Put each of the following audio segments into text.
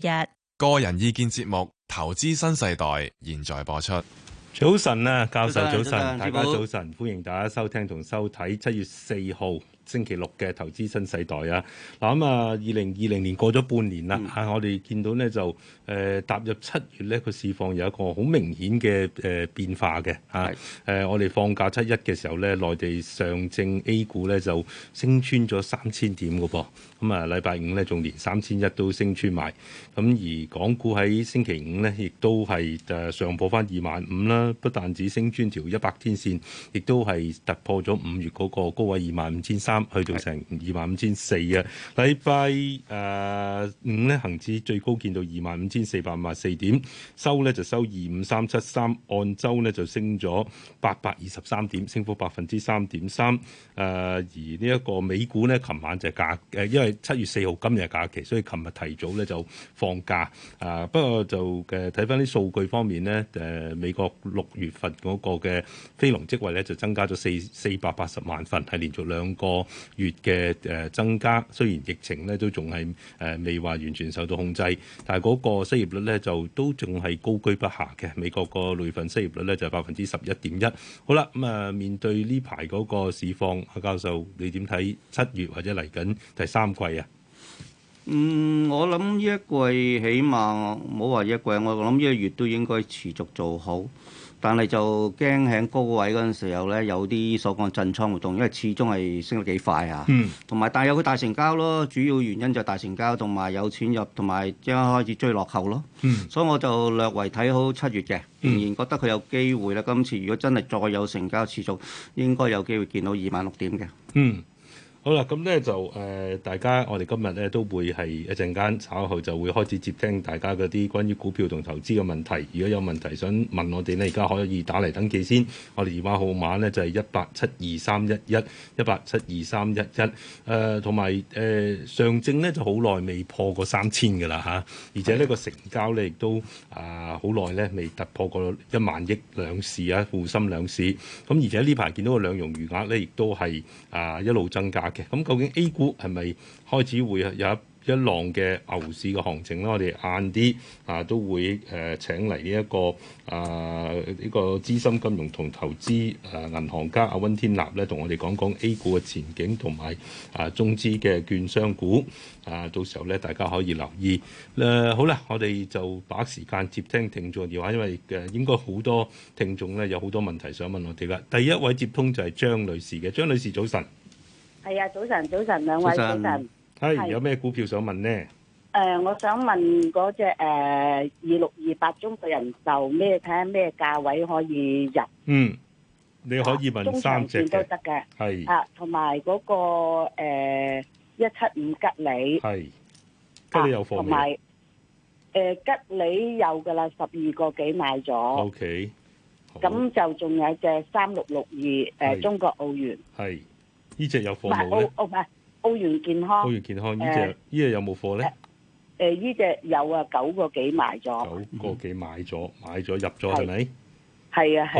日 Yet. 個人意見節目《投資新世代》現在播出。早晨啊，教授早晨安，早安大家早晨，早安歡迎大家收聽同收睇七月四號星期六嘅投資新世代、嗯、啊！嗱咁啊，二零二零年過咗半年啦，我哋見到呢，就誒、呃、踏入七月呢，個市況有一個好明顯嘅誒、呃、變化嘅嚇誒。我哋放假七一嘅時候呢，內地上證 A 股呢就升穿咗三千點個噃，咁、嗯、啊，禮拜五呢，仲連三千一都升穿埋。咁而港股喺星期五呢，亦都係誒上破翻二萬五啦，不但止升穿條一百天線，亦都係突破咗五月嗰個高位二萬五千三。去到成二萬五千四啊！禮拜誒五咧，恆指最高見到二萬五千四百五十四點，收咧就收二五三七三，按周咧就升咗八百二十三點，升幅百分之三點三。誒而呢一個美股呢，琴晚就係假誒，因為七月四號今日假期，所以琴日提早咧就放假。啊，不過就嘅睇翻啲數據方面呢，誒美國六月份嗰個嘅非農職位咧就增加咗四四百八十萬份，係連續兩個月嘅誒增加，雖然疫情咧都仲係誒未話完全受到控制，但係嗰個失業率咧就都仲係高居不下嘅。美國個累份失業率咧就係百分之十一點一。好啦，咁啊面對呢排嗰個市況，阿教授你點睇七月或者嚟緊第三季啊？嗯，我諗呢一季起碼冇話一季，我諗呢一月都應該持續做好。但係就驚喺高位嗰陣時候咧，有啲所講震倉活動，因為始終係升得幾快啊。嗯。同埋，但有個大成交咯，主要原因就係大成交，同埋有，有錢入，同埋即刻開始追落後咯。嗯。所以我就略為睇好七月嘅，仍然覺得佢有機會啦。今次如果真係再有成交持續，應該有機會見到二萬六點嘅。嗯。好啦，咁咧就誒、呃，大家我哋今日咧都會係一陣間稍後就會開始接聽大家嗰啲關於股票同投資嘅問題。如果有問題想問我哋咧，而家可以打嚟登記先。我哋電話號碼咧就係一八七二三一一一八七二三一一，誒，同埋誒上證咧就好耐未破過三千㗎喇吓，而且呢個的成交咧亦都啊好耐咧未突破過一萬億兩市啊，滬深兩市。咁、呃、而且呢排見到個兩融餘額咧亦都係啊、呃、一路增加。咁究竟 A 股係咪開始會有一一浪嘅牛市嘅行情咧？我哋晏啲啊都會誒請嚟呢一個啊呢，這個資深金融同投資誒銀行家阿温天立咧，同我哋講講 A 股嘅前景同埋啊中資嘅券商股啊，到時候咧大家可以留意誒、啊。好啦，我哋就把時間接聽聽眾電話，因為誒應該好多聽眾咧有好多問題想問我哋啦。第一位接通就係張女士嘅，張女士早晨。係啊，早晨，早晨，兩位早晨，係有咩股票想問呢？誒，我想問嗰隻誒二六二八中國人壽咩？睇下咩價位可以入？嗯，你可以問三隻都得嘅。係啊，同埋嗰個誒一七五吉利，係吉利有貨嘅，同埋誒吉利有㗎喇，十二個幾買咗，OK，咁就仲有隻三六六二誒中國奧園，係。呢隻有貨冇咧？唔係澳，澳唔係澳元健康。澳元健康呢隻呢隻有冇貨咧？誒呢隻有啊，九個幾買咗。九個幾買咗買咗入咗係咪？係啊係啊。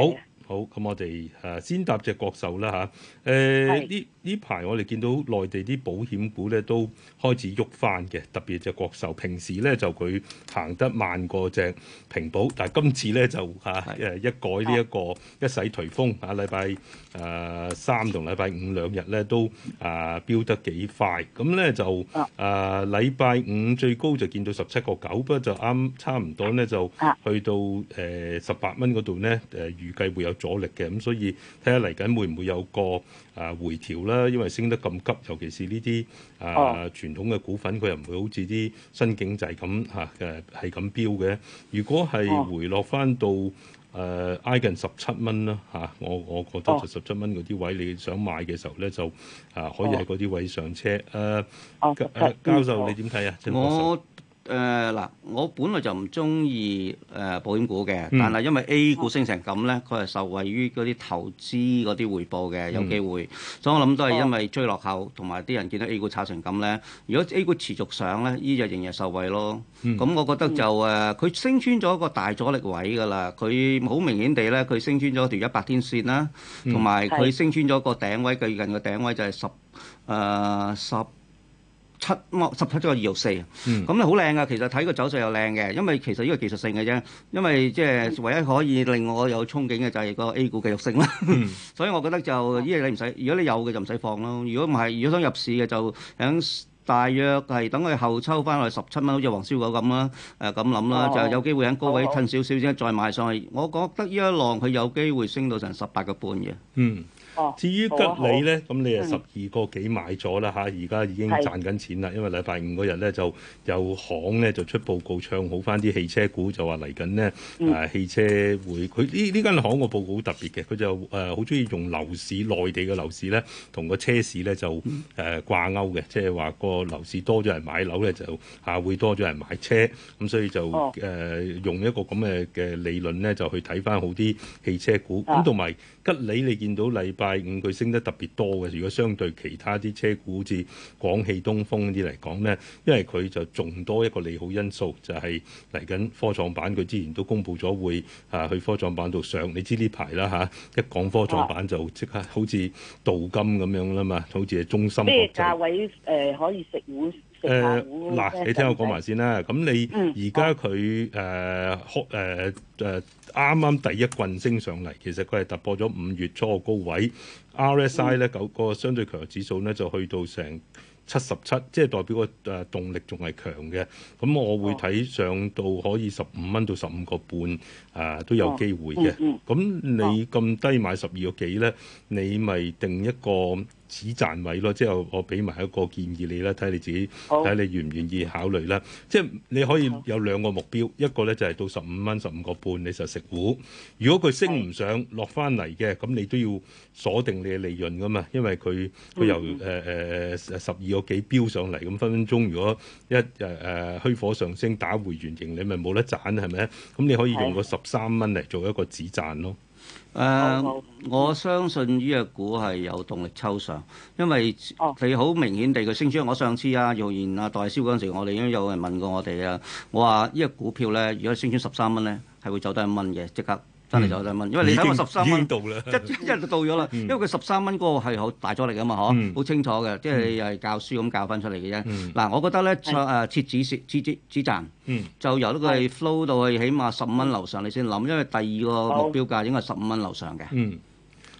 好好，咁，我哋誒先搭隻國壽啦吓誒呢。呢排我哋見到內地啲保險股咧都開始喐翻嘅，特別隻國壽。平時咧就佢行得慢過隻平保，但係今次咧就嚇誒、啊、一改呢、這、一個一洗頹風啊，禮拜誒、呃、三同禮拜五兩日咧都啊飆得幾快，咁、嗯、咧就啊禮拜五最高就見到十七個九，不過就啱差唔多咧就去到誒十八蚊嗰度咧誒預計會有阻力嘅，咁所以睇下嚟緊會唔會有個。啊，回調啦，因為升得咁急，尤其是呢啲、哦、啊傳統嘅股份，佢又唔會好似啲新經濟咁嚇嘅係咁飆嘅。如果係回落返到誒挨、啊、近十七蚊啦嚇，我我覺得就十七蚊嗰啲位，你想買嘅時候咧就啊可以喺嗰啲位上車。誒、啊啊、教授你點睇啊？誒嗱、呃，我本來就唔中意誒保險股嘅，但係因為 A 股升成咁咧，佢係、嗯、受惠於嗰啲投資嗰啲回報嘅，有機會。嗯、所以我諗都係因為追落後，同埋啲人見到 A 股炒成咁咧。如果 A 股持續上咧，依隻仍然受惠咯。咁、嗯嗯、我覺得就誒，佢、呃、升穿咗一個大阻力位㗎啦。佢好明顯地咧，佢升穿咗條一百天線啦，同埋佢升穿咗個頂位，最近個頂位就係十誒十七十七再二六四，咁你好靚呀，其實睇個走勢又靚嘅，因為其實呢個技術性嘅啫，因為即係唯一可以令我有憧憬嘅就係個 A 股繼續升啦，嗯、 所以我覺得就呢嘢你唔使，如果你有嘅就唔使放咯，如果唔係，如果想入市嘅就喺大約係等佢後抽翻落去十七蚊，好似黃燒狗咁啦，誒咁諗啦，哦、就有機會喺高位褪少少先再買上去，我覺得呢一浪佢有機會升到成十八個半嘅。嗯至於吉利咧，咁你啊十二個幾買咗啦嚇，而家、嗯、已經賺緊錢啦。是因為禮拜五嗰日咧就有行咧就出報告唱好翻啲汽車股，就話嚟緊呢、嗯、啊汽車會佢呢呢間行嘅報告好特別嘅，佢就誒好中意用樓市內地嘅樓市咧同個車市咧就誒掛鈎嘅，即係話個樓市多咗人買樓咧就啊會多咗人買車，咁所以就誒用一個咁嘅嘅理論咧就去睇翻好啲汽車股，咁同埋，一禮你見到禮拜五佢升得特別多嘅，如果相對其他啲車股，好似廣汽東風啲嚟講咧，因為佢就仲多一個利好因素，就係嚟緊科創板，佢之前都公布咗會啊去科創板度上，上。你知呢排啦嚇，一講科創板就即刻好似鍍金咁樣啦嘛，啊、好似係中心。即係價位誒可以食股食嗱，呃嗯、你聽我講埋先啦。咁你而家佢誒開誒啱啱第一棍升上嚟，其實佢係突破咗五月初個高位，RSI 咧九個相對強弱指數咧就去到成七十七，即係代表個誒動力仲係強嘅。咁我會睇上到可以十五蚊到十五個半啊，都有機會嘅。咁你咁低買十二個幾咧，你咪定一個。止賺位咯，即係我我俾埋一個建議你啦，睇下你自己睇下好你願唔願意考慮啦。即係你可以有兩個目標，一個咧就係到十五蚊，十五個半你就食糊。如果佢升唔上落翻嚟嘅，咁你都要鎖定你嘅利潤噶嘛，因為佢佢由誒誒誒十二個幾飆上嚟，咁分分鐘如果一誒誒、呃、虛火上升打回原形，你咪冇得賺係咪？咁你可以用個十三蚊嚟做一個止賺咯。誒，我相信呢隻股係有動力抽上，因為你好明顯地佢升穿。我上次啊，用言啊代銷嗰陣時，我哋已經有人問過我哋啊，我話呢隻股票咧，如果佢升穿十三蚊咧，係會走低一蚊嘅，即刻。真係就兩蚊，因為你睇下十三蚊到，一一日就到咗啦。因為佢十三蚊嗰個係好大阻力㗎嘛，嗬，好清楚嘅，即係又係教書咁教翻出嚟嘅啫。嗱，我覺得咧，誒設止蝕止止止賺，就由呢個係 flow 到去起碼十五蚊樓上，你先諗，因為第二個目標價應該係十五蚊樓上嘅。嗯，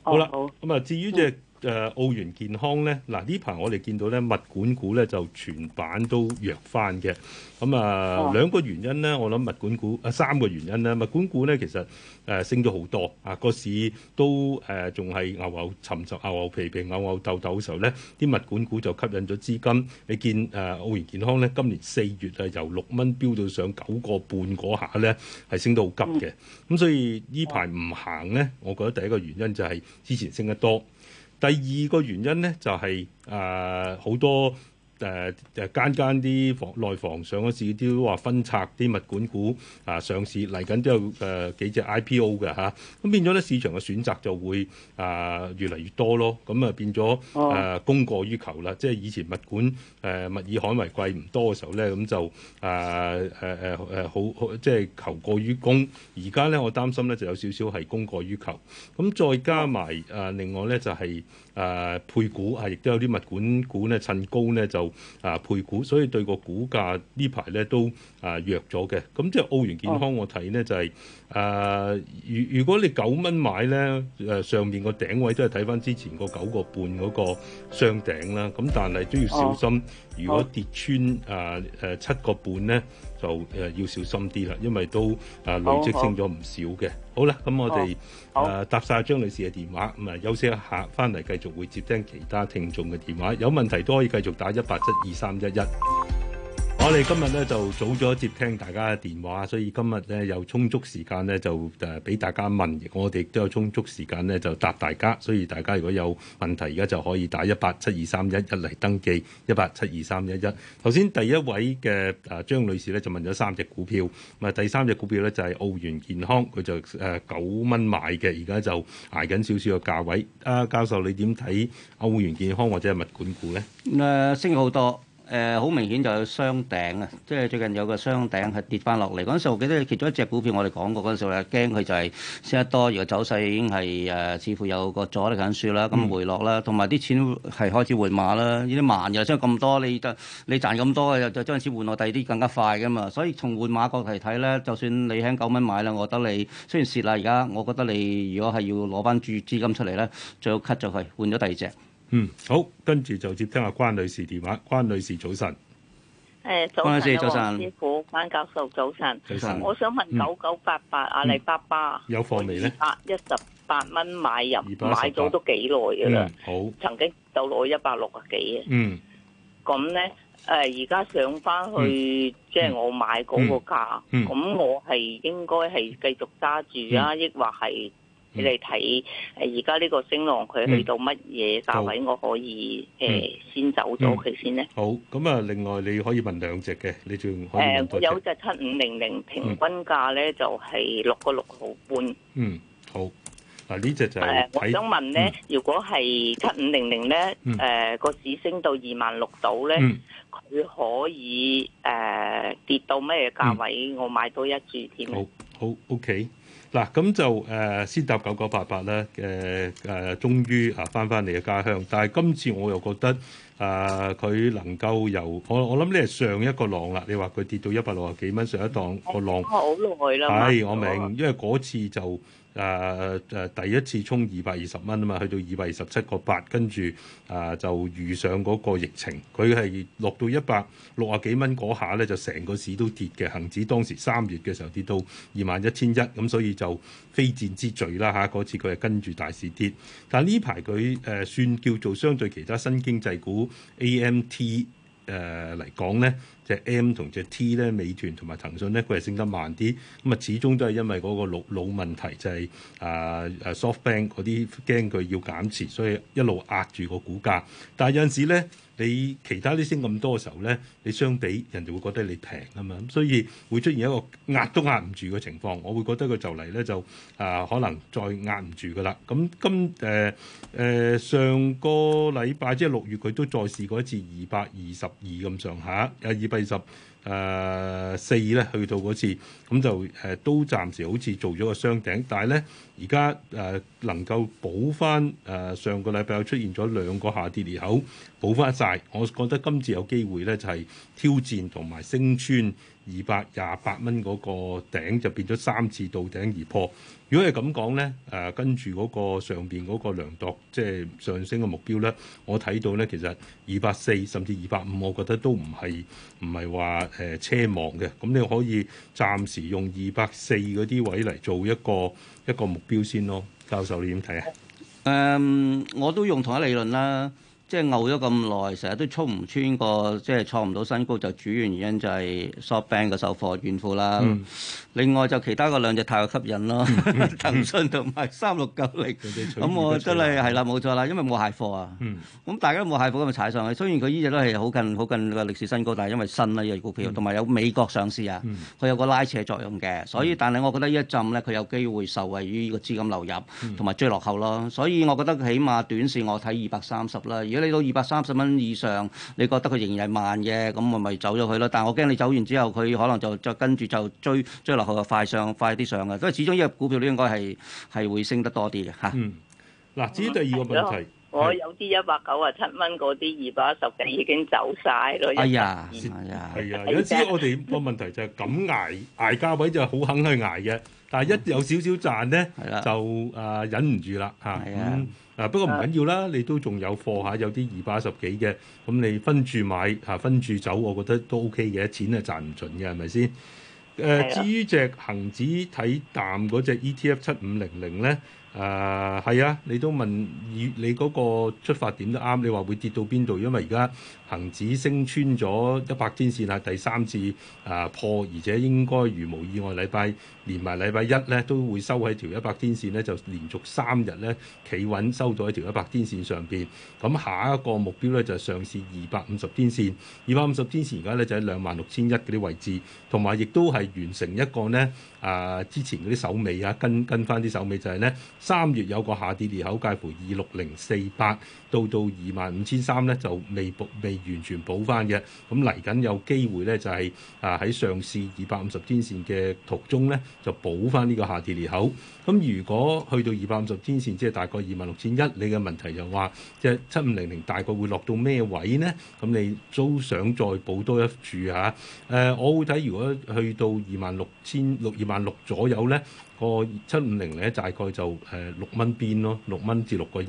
好啦，咁啊，至於隻。誒、呃、澳元健康咧，嗱、啊、呢排我哋見到咧物管股咧就全版都弱翻嘅。咁啊兩個原因咧，我諗物管股啊三個原因咧，物管股咧其實誒、呃、升咗好多啊，個市都誒仲係牛牛沉沉、牛牛皮皮牛牛鬥鬥嘅時候咧，啲物管股就吸引咗資金。你見誒、呃、澳元健康咧，今年四月啊由六蚊飆到上九個半嗰下咧，係升到好急嘅。咁、嗯、所以呢排唔行咧，我覺得第一個原因就係之前升得多。第二個原因咧，就係誒好多。誒誒、呃、間間啲房內房上市啲都話分拆啲物管股啊、呃、上市嚟緊都有誒、呃、幾隻 IPO 嘅嚇，咁變咗咧市場嘅選擇就會啊、呃、越嚟越多咯，咁啊變咗誒、呃、供過於求啦，即係以前物管誒、呃、物以罕為貴唔多嘅時候咧，咁就啊誒誒誒好好即係求過於供，而家咧我擔心咧就有少少係供過於求，咁再加埋啊另外咧就係、是、啊、呃、配股啊，亦都有啲物管股咧趁高咧就。啊配股，所以對個股價呢排咧都啊、呃、弱咗嘅。咁即係澳元健康，我睇咧就係、是、誒，如、呃、如果你九蚊買咧誒、呃，上面個頂位都係睇返之前個九個半嗰個雙頂啦。咁但係都要小心。啊如果跌穿啊誒、呃呃、七個半咧，就誒、呃、要小心啲啦，因為都啊、呃、累積升咗唔少嘅。好，好，好啦，咁我哋誒、呃、搭晒張女士嘅電話，咁、呃、啊休息一下，翻嚟繼續會接聽其他聽眾嘅電話，有問題都可以繼續打一八七二三一一。我哋今日咧就早咗接聽大家嘅電話，所以今日咧有充足時間咧就誒俾大家問，我哋都有充足時間咧就答大家。所以大家如果有問題，而家就可以打 1, 一八七二三一一嚟登記，一八七二三一一。頭先第一位嘅誒張女士咧就問咗三隻股票，咁啊第三隻股票咧就係澳元健康，佢就誒九蚊買嘅，而家就挨緊少少嘅價位。阿教授你點睇澳元健康或者係物管股咧？誒，升好多。誒好、呃、明顯就有雙頂啊！即係最近有個雙頂係跌翻落嚟嗰陣時，我記得其中一隻股票我哋講過嗰陣時候，我係驚佢就係升得多，而個走勢已經係誒、呃、似乎有個阻力緊住啦。咁回落啦，同埋啲錢係開始換馬啦。呢啲慢又升咁多，你得你賺咁多又再將啲錢換落第二啲更加快㗎嘛。所以從換馬角度嚟睇咧，就算你喺九蚊買啦，我覺得你雖然蝕啦，而家我覺得你如果係要攞翻注資金出嚟咧，最好 cut 咗佢，換咗第二隻。嗯，好，跟住就接聽阿關女士電話。關女士早晨，誒，早，黃師傅，關教授早晨，早晨，我想問九九八八阿里巴巴有貨未咧？二百一十八蚊買入，買咗都幾耐噶啦？好，曾經到落去一百六啊幾啊。嗯，咁咧誒，而家上翻去即係我買嗰個價，咁我係應該係繼續揸住啊，抑或係？你嚟睇誒，而家呢個升浪，佢去到乜嘢價位？我可以誒，先走咗佢先咧？好咁啊，另外你可以問兩隻嘅，你仲誒有隻七五零零平均價咧就係六個六毫半。嗯，好嗱，呢、啊、隻就係。我想問咧，如果係七五零零咧誒，個市升到二萬六度咧，佢可以誒、uh, 跌到咩價位我買多一注添？好，好，OK。嗱，咁就誒、呃、先搭九九八八咧，誒誒終於啊翻翻嚟嘅家鄉，但係今次我又覺得啊佢、呃、能夠又，我我諗呢係上一個浪啦，你話佢跌到一百六十幾蚊上一檔個浪，好耐啦、係、啊、我明，因為嗰次就。誒誒、呃呃，第一次衝二百二十蚊啊嘛，去到二百二十七個八，跟住啊就遇上嗰個疫情，佢係落到一百六啊幾蚊嗰下咧，就成個市都跌嘅，恒指當時三月嘅時候跌到二萬一千一，咁所以就非戰之罪啦嚇，嗰、啊、次佢係跟住大市跌，但呢排佢誒算叫做相對其他新經濟股 AMT。AM T, 誒嚟講咧，隻、呃就是、M 同隻 T 咧，美團同埋騰訊咧，佢係升得慢啲，咁啊始終都係因為嗰個老老問題、就是，就係啊啊 soft bank 嗰啲驚佢要減持，所以一路壓住個股價，但係有陣時咧。你其他啲升咁多嘅時候咧，你相比人哋會覺得你平啊嘛，咁所以會出現一個壓都壓唔住嘅情況。我會覺得佢就嚟咧就啊，可能再壓唔住噶啦。咁、嗯、今誒誒、呃呃、上個禮拜即係六月，佢都再試過一次二百二十二咁上下，誒二百二十，啊誒、呃、四咧去到嗰次，咁就誒都、呃、暫時好似做咗個雙頂，但係咧而家誒能夠補翻誒、呃、上個禮拜出現咗兩個下跌裂口，補翻晒。我覺得今次有機會咧就係、是、挑戰同埋升穿。二百廿八蚊嗰個頂就變咗三次到頂而破。如果係咁講呢，誒、呃、跟住嗰個上邊嗰個量度，即、就、係、是、上升嘅目標呢，我睇到呢，其實二百四甚至二百五，我覺得都唔係唔係話誒奢望嘅。咁你可以暫時用二百四嗰啲位嚟做一個一個目標先咯。教授你點睇啊？誒，um, 我都用同一理論啦。即係熬咗咁耐，成日都衝唔穿個，即係創唔到新高，就主要原因就係 short band 嘅售貨怨婦啦。嗯、另外就其他個兩隻太吸引咯，嗯、 騰訊同埋三六九零。咁我真係係啦，冇錯啦，因為冇蟹貨啊。咁、嗯、大家都冇蟹貨咁咪踩上去。雖然佢依隻都係好近好近嘅歷史新高，但係因為新啦依隻、這個、股票，同埋、嗯、有美國上市啊，佢、嗯、有個拉扯作用嘅。所以但係我覺得一呢一浸咧，佢有機會受惠於呢個資金流入同埋追落後咯。所以我覺得起碼短線我睇二百三十啦。你到二百三十蚊以上，你覺得佢仍然係慢嘅，咁我咪走咗佢咯。但係我驚你走完之後，佢可能就就跟住就追追落去就快上快啲上嘅，所以始終呢個股票咧應該係係會升得多啲嘅嚇。嗱、啊嗯，至於第二個問題，啊、我有啲一百九啊七蚊嗰啲二百一十嘅已經走晒。咯、哎。哎呀，係啊、嗯，有啲我哋個問題就係咁捱捱價位就好肯去捱嘅，但係一有少少賺咧、嗯、就啊忍唔住啦嚇。係啊。的啊不過唔緊要啦，你都仲有貨嚇，有啲二百十幾嘅，咁你分住買嚇，分住走，我覺得都 OK 嘅，錢係賺唔盡嘅係咪先？誒，至於隻恒指睇淡嗰隻 ETF 七五零零咧，誒係啊，你都問，以你嗰個出發點都啱，你話會跌到邊度？因為而家恒指升穿咗一百天線係第三次啊破，而且應該如無意外禮拜。連埋禮拜一咧都會收喺條一百天線咧，就連續三日咧企穩收咗喺條一百天線上邊。咁下一個目標咧就係、是、上試二百五十天線，二百五十天線而家咧就喺兩萬六千一嗰啲位置，同埋亦都係完成一個呢啊、呃、之前嗰啲首尾啊，跟跟翻啲首尾就係咧三月有個下跌裂口，介乎二六零四八到到二萬五千三咧就未未完全補翻嘅。咁嚟緊有機會咧就係啊喺上試二百五十天線嘅途中咧。就補翻呢個下跌裂口。咁如果去到二百五十天線，即係大概二萬六千一，你嘅問題就話，即係七五零零大概會落到咩位呢？咁你都想再補多一注吓？誒，我會睇如果去到二萬六千六二萬六左右呢，個七五零零大概就誒六蚊邊咯，六蚊至六個一。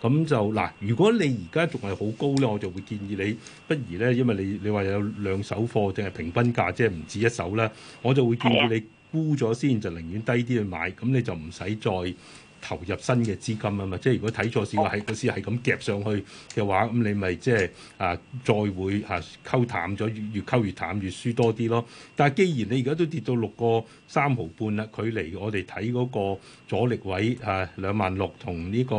咁就嗱，如果你而家仲係好高呢，我就會建議你，不如呢，因為你你話有兩手貨，淨係平均價，即係唔止一手啦，我就會建議你。沽咗先就寧願低啲去買，咁你就唔使再投入新嘅資金啊嘛。即係如果睇錯市，個係個市係咁夾上去嘅話，咁你咪即係啊再會啊溝淡咗，越溝越淡越輸多啲咯。但係既然你而家都跌到六個三毫半啦，距離我哋睇嗰個阻力位啊兩萬六同呢個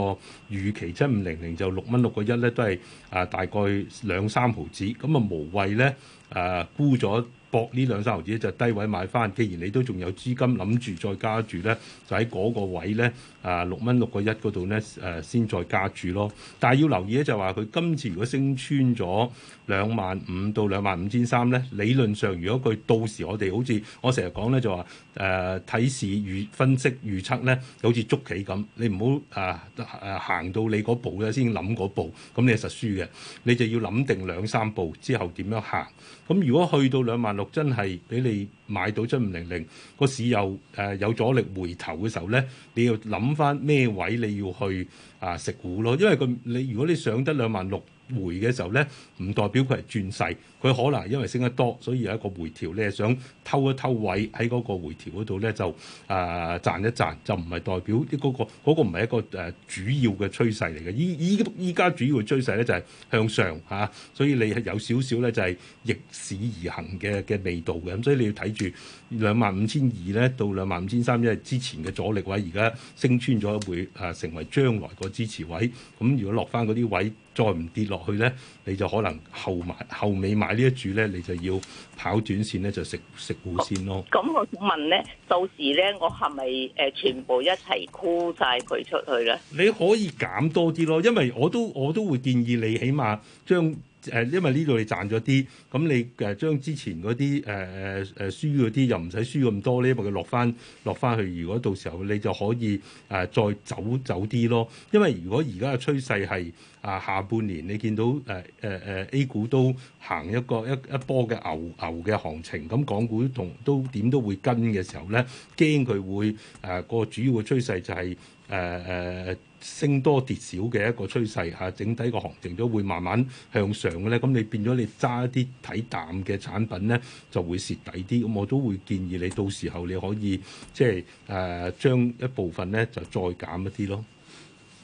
預期七五零零就六蚊六個一咧，都係啊大概兩三毫子，咁啊無謂咧啊沽咗。博呢兩三毫紙就低位買翻，既然你都仲有資金諗住再加住咧，就喺嗰個位咧。啊，六蚊六個一嗰度咧，誒、啊、先再加注咯。但係要留意咧，就話佢今次如果升穿咗兩萬五到兩萬五千三咧，理論上如果佢到時我哋好似我成日講咧，就話誒睇市預分析預測咧，就好似捉棋咁，你唔好誒誒行到你嗰步咧，先諗嗰步，咁你實輸嘅。你就要諗定兩三步之後點樣行。咁如果去到兩萬六，真係俾你。買到張五零零個市，又誒、呃、有阻力回頭嘅時候咧，你要諗返咩位，你要去啊食股咯，因為佢你如果你上得兩萬六回嘅時候咧，唔代表佢係轉勢。佢可能因為升得多，所以有一個回調咧，想偷一偷位喺嗰個回調嗰度咧，就誒、呃、賺一賺就唔係代表啲、嗰個、嗰個唔係一個誒、呃、主要嘅趨勢嚟嘅。依依依家主要嘅趨勢咧就係、係、向上吓、啊，所以你係有少少咧就係、係、逆市而行嘅嘅味道嘅。咁所以你要睇住兩萬五千二咧到兩萬五千三，因為之前嘅阻力位而家升穿咗，會、呃、誒成為將來個支持位。咁如果落翻嗰啲位再唔跌落去咧，你就可能後埋後，後尾買。一呢一注咧，你就要跑短線咧，就食食糊先咯。咁、哦、我問咧，到時咧，我係咪誒全部一齊沽晒佢出去咧？你可以減多啲咯，因為我都我都會建議你起碼將，起碼將。誒、呃，因為呢度你賺咗啲，咁你誒將之前嗰啲誒誒誒輸嗰啲又唔使輸咁多咧，咪落翻落翻去。如果到時候你就可以誒、呃、再走走啲咯。因為如果而家嘅趨勢係啊、呃、下半年，你見到誒誒誒 A 股都行一個一一波嘅牛牛嘅行情，咁港股同都點都，都會跟嘅時候咧，驚佢會誒、呃、個主要嘅趨勢就係誒誒。呃呃升多跌少嘅一個趨勢嚇，整體個行情都會慢慢向上嘅咧。咁你變咗你揸啲睇淡嘅產品咧，就會蝕底啲。咁我都會建議你到時候你可以即係誒將一部分咧就再減一啲咯。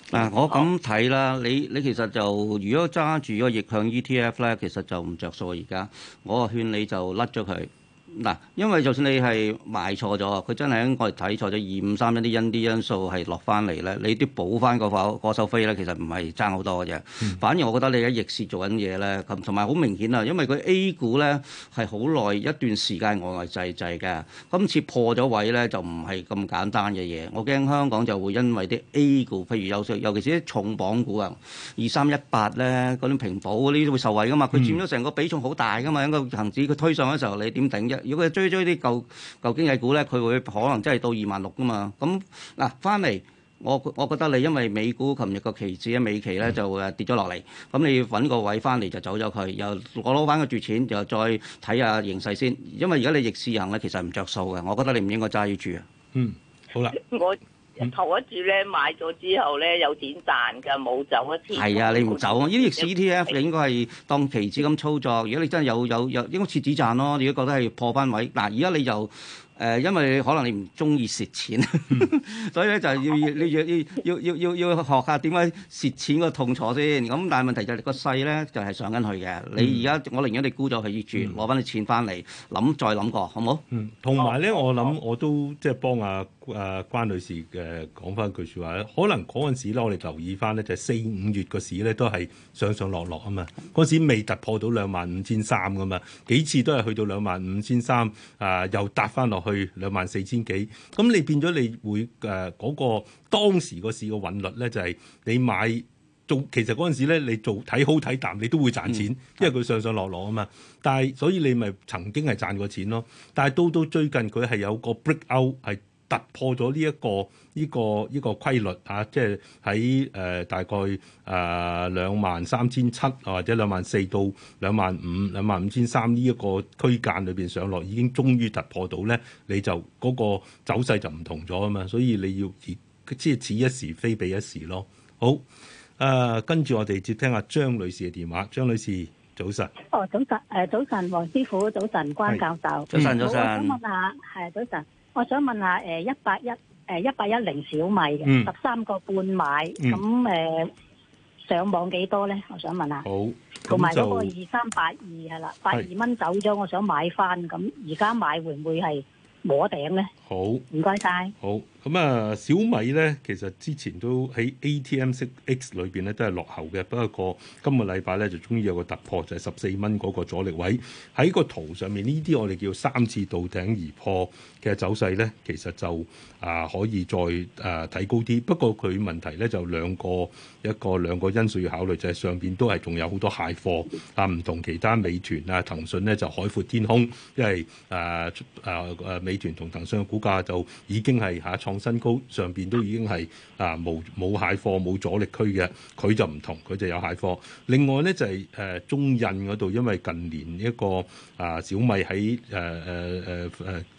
嗱、啊，我咁睇啦，啊、你你其實就如果揸住個逆向 ETF 咧，其實就唔着數而家。我勸你就甩咗佢。嗱，因為就算你係買錯咗，佢真係應該睇錯咗二五三一啲因啲因素係落翻嚟咧，你都補翻個手個手飛咧，其實唔係爭好多嘅啫。反而我覺得你喺逆市做緊嘢咧，同埋好明顯啊，因為佢 A 股咧係好耐一段時間外外滯滯嘅，今次破咗位咧就唔係咁簡單嘅嘢。我驚香港就會因為啲 A 股譬如有衰，尤其是啲重磅股啊，二三一八咧嗰啲平保嗰啲會受惠噶嘛，佢佔咗成個比重好大噶嘛，個恆指佢推上嘅時候你點頂啫？如果佢追追啲舊舊經濟股咧，佢會可能真係到二萬六噶嘛。咁、嗯、嗱，翻嚟我我覺得你因為美股琴日個期指啊，美期咧就誒跌咗落嚟，咁你要揾個位翻嚟就走咗佢，又攞攞翻個注錢，就再睇下形勢先。因為而家你逆市行咧，其實唔着數嘅。我覺得你唔應該揸住啊。嗯，好啦。我投、嗯、一注咧，買咗之後咧，有錢賺噶，冇走一次。係啊，你唔走啊？呢啲 ETF 是的你應該係當棋子咁操作。的如果你真係有有有，應該設止賺咯。如果覺得係破翻位，嗱，而家你就。誒，因為你可能你唔中意蝕錢，嗯、 所以咧就要 要要要要要要學下點解蝕錢個痛楚先。咁但係問題就係、是、個勢咧，就係、是、上緊去嘅。嗯、你而家我寧願你沽咗佢住，攞翻啲錢翻嚟，諗再諗過，好唔好？同埋咧，我諗我都即係幫阿、啊、阿關女士誒講翻句説話咧。可能嗰陣時咧，我哋留意翻咧，就係四五月個市咧都係上上落落啊嘛。嗰陣時未突破到兩萬五千三噶嘛，幾次都係去到兩萬五千三，啊又搭翻落去。去兩萬四千幾，咁你變咗你會誒嗰、呃嗰個當時個市個韻律咧，就係、是、你買做，其實嗰陣時咧你做睇好睇淡，你都會賺錢，嗯、因為佢上上落落啊嘛。但係所以你咪曾經係賺過錢咯。但係都都最近佢係有個 breakout 係。突破咗呢一個呢、這個呢、這個規律嚇、啊，即係喺誒大概誒兩萬三千七或者兩萬四到兩萬五兩萬五千三呢一個區間裏邊上落已經終於突破到咧，你就嗰、那個走勢就唔同咗啊嘛，所以你要而即係此一時非彼一時咯。好，誒跟住我哋接聽阿張女士嘅電話，張女士早晨。哦，早晨誒、呃，早晨黃師傅，早晨關教授是，早晨、嗯、問早晨，我想問下，係早晨。我想問下，誒、呃，一八一，誒，一八一零小米嘅十三個半買，咁誒上網幾多咧？我想問下，好，同埋嗰個二三八二係啦，八二蚊走咗，的我想買翻，咁而家買會唔會係摸頂咧？好，唔該晒。好。咁啊，小米咧，其實之前都喺 ATMX 裏邊咧都係落後嘅，不過今個禮拜咧就終於有個突破，就係十四蚊嗰個阻力位喺個圖上面。呢啲我哋叫三次到頂而破嘅走勢咧，其實就啊可以再誒睇，啊，高啲。不過佢問題咧就兩個一個兩個因素要考慮，就係、是、上邊都係仲有好多蟹貨，啊，唔同其他美團啊、騰訊咧就海闊天空，因為誒誒誒美團同騰訊嘅股價就已經係嚇、啊創新高上邊都已經係啊冇冇蟹貨冇阻力區嘅，佢就唔同，佢就有蟹貨。另外咧就係、是、誒、呃、中印嗰度，因為近年一個啊小米喺誒誒誒誒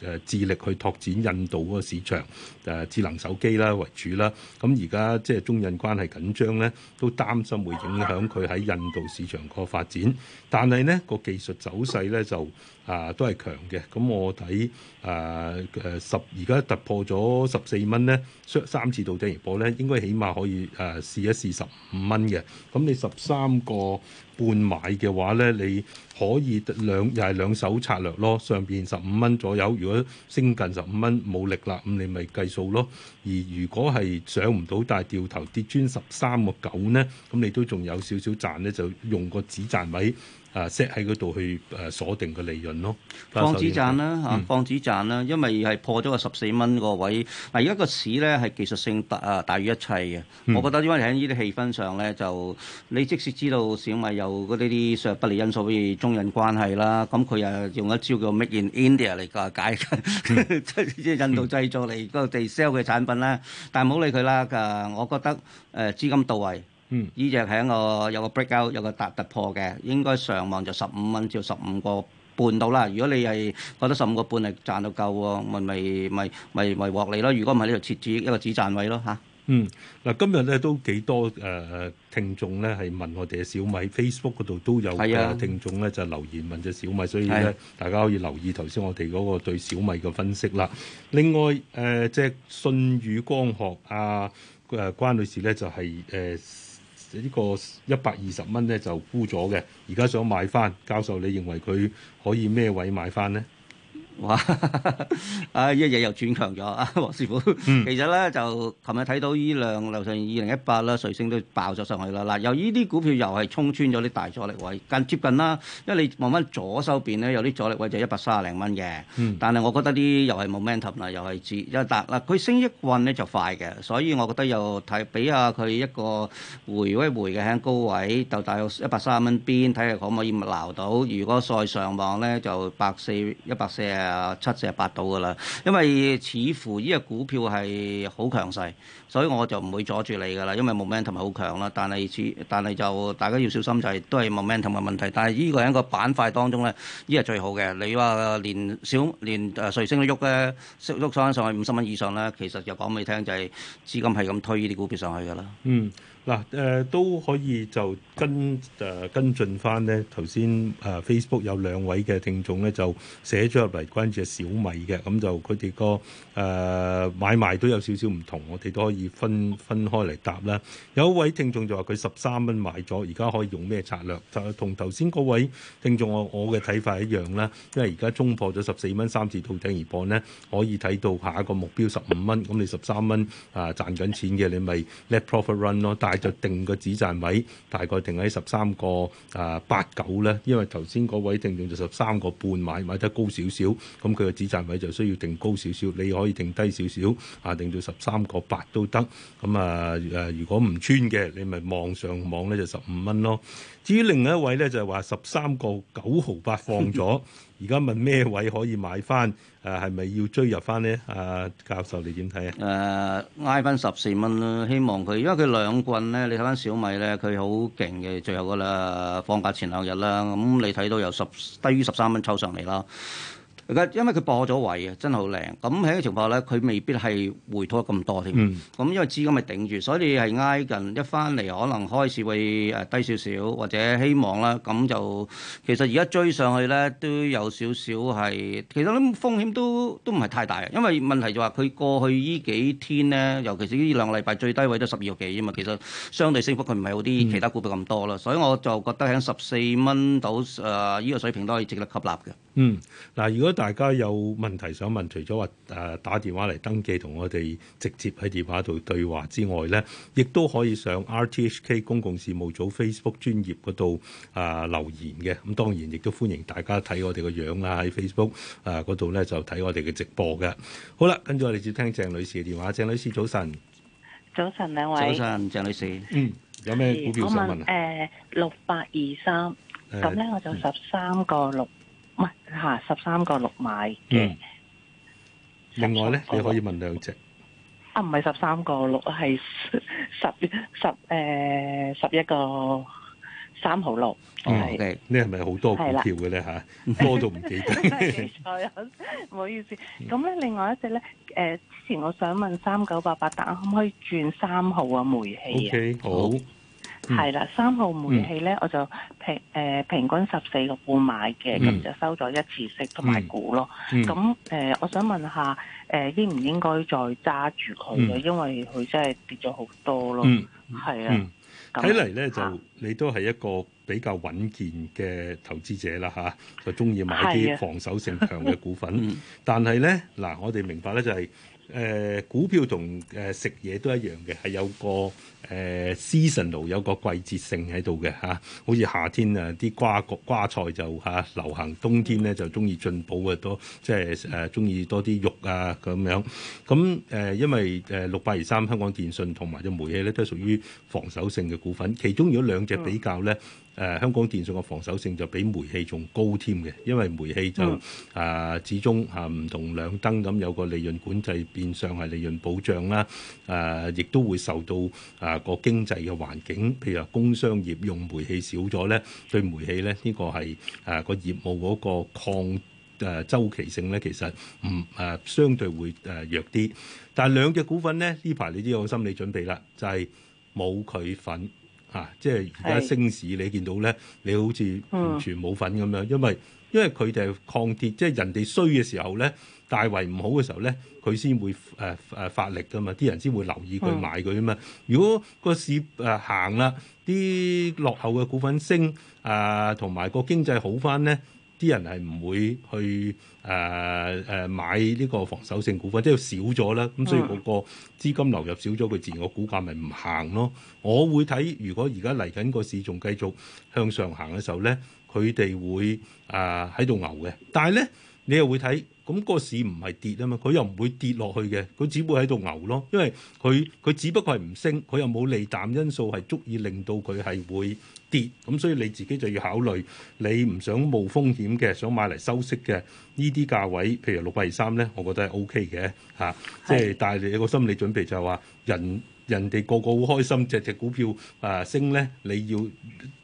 誒致力去拓展印度個市場誒、呃、智能手機啦為主啦。咁而家即係中印關係緊張咧，都擔心會影響佢喺印度市場個發展。但係呢、那個技術走勢咧就。啊，都係強嘅。咁我睇啊，誒十而家突破咗十四蚊咧，三次到頂而破咧，應該起碼可以誒、啊、試一試十五蚊嘅。咁你十三個半買嘅話咧，你可以兩又係兩手策略咯。上面十五蚊左右，如果升近十五蚊冇力啦，咁你咪計數咯。而如果係上唔到，但係掉頭跌穿十三個九咧，咁你都仲有少少賺咧，就用個止賺位。啊 set 喺嗰度去誒鎖定個利潤咯，放止賺啦嚇、嗯啊，放止賺啦，因為係破咗個十四蚊個位。嗱，而家個市咧係技術性大啊大於一切嘅。我覺得因為喺呢啲氣氛上咧，就你即使知道小米有嗰啲啲不利因素，譬如中印關係啦，咁佢又用一招叫 Made in India 嚟解，解，即係印度製造嚟個地 sell 嘅產品啦。但係唔好理佢啦。誒，我覺得誒資金到位。嗯，呢隻係一個有個 breakout，有個突突破嘅，應該上望就十五蚊至十五個半到啦。如果你係覺得十五個半係賺到夠喎，咪咪咪咪咪獲利咯。如果唔係，你就，就，就設置一個止賺位咯吓，嗯，嗱，今日咧都幾多誒聽眾咧，係問我哋嘅小米 Facebook 嗰度都有聽眾咧，就留言問隻小米，啊、所以咧大家可以留意頭先我哋嗰個對小米嘅分析啦。另外誒，即係舜宇光學啊，誒關女士咧就係、是、誒。呢個一百二十蚊咧就沽咗嘅，而家想買翻，教授你認為佢可以咩位買翻咧？哇！啊，一日又轉強咗啊，黃師傅。其實咧就琴日睇到依兩樓上二零一八啦，瑞聲都爆咗上去啦。嗱、啊，由依啲股票又係衝穿咗啲大阻力位，更接近啦。因為你望翻左手邊咧，有啲阻力位就一百卅零蚊嘅。嗯、但係我覺得啲又係冇 momentum 啦，又係接一達嗱。佢升一棍咧就快嘅，所以我覺得又睇俾下佢一個回一回嘅，喺高位就大約一百卅蚊邊睇下可唔可以撈到。如果再上望咧，就百四一百四啊。啊，七成八到噶啦，因為似乎呢個股票係好強勢，所以我就唔會阻住你噶啦，因為 momentum 係好強啦。但係似，但係就大家要小心，就係都係 momentum 嘅問題。但係呢個喺一個板塊當中咧，呢個最好嘅。你話連小連誒瑞星都喐咧，升喐上翻上去五十蚊以上咧，其實就講俾你聽，就係、是、資金係咁推呢啲股票上去噶啦。嗯。嗱，誒、呃、都可以就跟誒、呃、跟進翻咧。頭先誒 Facebook 有兩位嘅聽眾咧，就寫咗入嚟關注小米嘅，咁就佢哋個誒買賣都有少少唔同，我哋都可以分分開嚟答啦。有一位聽眾就話佢十三蚊買咗，而家可以用咩策略？就同頭先嗰位聽眾我我嘅睇法一樣啦，因為而家衝破咗十四蚊三次到頂而破咧，可以睇到下一個目標十五蚊。咁你十三蚊啊賺緊錢嘅，你咪 let profit run 咯，就定個止賺位，大概定喺十三個啊八九咧，因為頭先嗰位定定就十三個半買，買得高少少，咁佢個止賺位就需要定高少少，你可以定低少少，啊定到十三個八都得，咁啊誒，如果唔穿嘅，你咪望上網咧就十五蚊咯。至於另一位咧，就係話十三個九毫八放咗。而家問咩位可以買翻？誒、呃，係咪要追入翻呢？啊，教授你點睇啊？誒、呃，挨翻十四蚊啦，希望佢，因為佢兩棍咧。你睇翻小米咧，佢好勁嘅，最後嗰啦，放假前兩日啦，咁、嗯、你睇到有十低於十三蚊抽上嚟啦。佢因為佢破咗位啊，真係好靚。咁喺個情況咧，佢未必係回吐咁多添。咁、嗯、因為資金咪頂住，所以係挨近一翻嚟，可能開市會誒低少少，或者希望啦。咁就其實而家追上去咧，都有少少係，其實啲風險都都唔係太大。因為問題就話佢過去呢幾天咧，尤其是呢兩個禮拜最低位都十二個幾啫嘛。因為其實相對升幅佢唔係好啲其他股票咁多啦，嗯、所以我就覺得喺十四蚊到誒依個水平都可以值得吸納嘅。嗯，嗱，如果大家有問題想問，除咗話誒打電話嚟登記同我哋直接喺電話度對話之外咧，亦都可以上 RTHK 公共事務組 Facebook 專頁嗰度啊留言嘅。咁當然亦都歡迎大家睇我哋個樣啦，喺 Facebook 啊嗰度咧就睇我哋嘅直播嘅。好啦，跟住我哋接聽鄭女士嘅電話。鄭女士早晨，早晨兩位，早晨鄭女士，嗯，有咩股票想問啊？我問誒六百二三，咁、呃、咧我就十三個六。唔係吓，十三個六買。嘅、嗯。14. 另外咧，你可以問兩隻。啊，唔係十三個六，係十十誒十一個三號六。哦、呃，你你係咪好多股票嘅咧吓？多了 到唔記得。唔好意思，咁咧另外一隻咧，誒、呃，之前我想問三九八八，但可唔可以轉三號嘅煤氣啊？Okay, 好。係啦，三、嗯、號煤氣咧，我就平誒、呃、平均十四個半買嘅，咁就收咗一次息同埋股咯。咁誒、嗯嗯呃，我想問下誒、呃、應唔應該再揸住佢咧？因為佢真係跌咗好多咯。係啊、嗯，睇嚟咧就你都係一個比較穩健嘅投資者啦，吓、啊，就中意買啲防守性強嘅股份。嗯嗯嗯、但係咧嗱，我哋明白咧就係、是、誒、呃、股票同誒食嘢都一樣嘅，係有個。誒、啊、seasonal 有個季節性喺度嘅嚇，好似夏天啊，啲瓜瓜菜就嚇、啊、流行；冬天咧就中意進補嘅、啊、多，即係誒中意多啲肉啊咁樣。咁、啊、誒，因為誒、啊、六八二三香港電信同埋隻煤氣咧，都係屬於防守性嘅股份。其中如果兩隻比較咧，誒、啊、香港電信嘅防守性就比煤氣仲高添嘅，因為煤氣就啊始終嚇唔、啊、同兩燈咁有個利潤管制，變相係利潤保障啦。誒、啊，亦、啊、都會受到啊。啊啊啊啊，個經濟嘅環境，譬如話工商業用煤氣少咗咧，對煤氣咧呢、呢個係啊個業務嗰個抗誒週、啊、期性咧，其實唔啊相對會誒弱啲。但係兩隻股份咧，呢排你都有心理準備啦，就係冇佢份。啊，即係而家升市你見到咧，你好似完全冇份咁樣，因為因為佢哋係抗跌，即係人哋衰嘅時候咧。大市唔好嘅時候咧，佢先會誒誒、呃呃、發力㗎嘛，啲人先會留意佢買佢啊嘛。如果個市誒行啦，啲、呃、落後嘅股份升啊，同、呃、埋個經濟好返咧，啲人係唔會去誒誒、呃呃、買呢個防守性股份，即、就、係、是、少咗啦。咁所以嗰個資金流入少咗，佢自然個股價咪唔行咯。我會睇，如果而家嚟緊個市仲繼續向上行嘅時候咧，佢哋會誒喺度牛嘅。但係咧。你又會睇，咁、那個市唔係跌啊嘛，佢又唔會跌落去嘅，佢只會喺度牛咯。因為佢佢只不過係唔升，佢又冇利淡因素係足以令到佢係會跌。咁所以你自己就要考慮，你唔想冒風險嘅，想買嚟收息嘅呢啲價位，譬如六百二三咧，我覺得係 O K 嘅嚇，即係但係你有個心理準備就係話，人人哋個個好開心，隻隻股票啊升咧，你要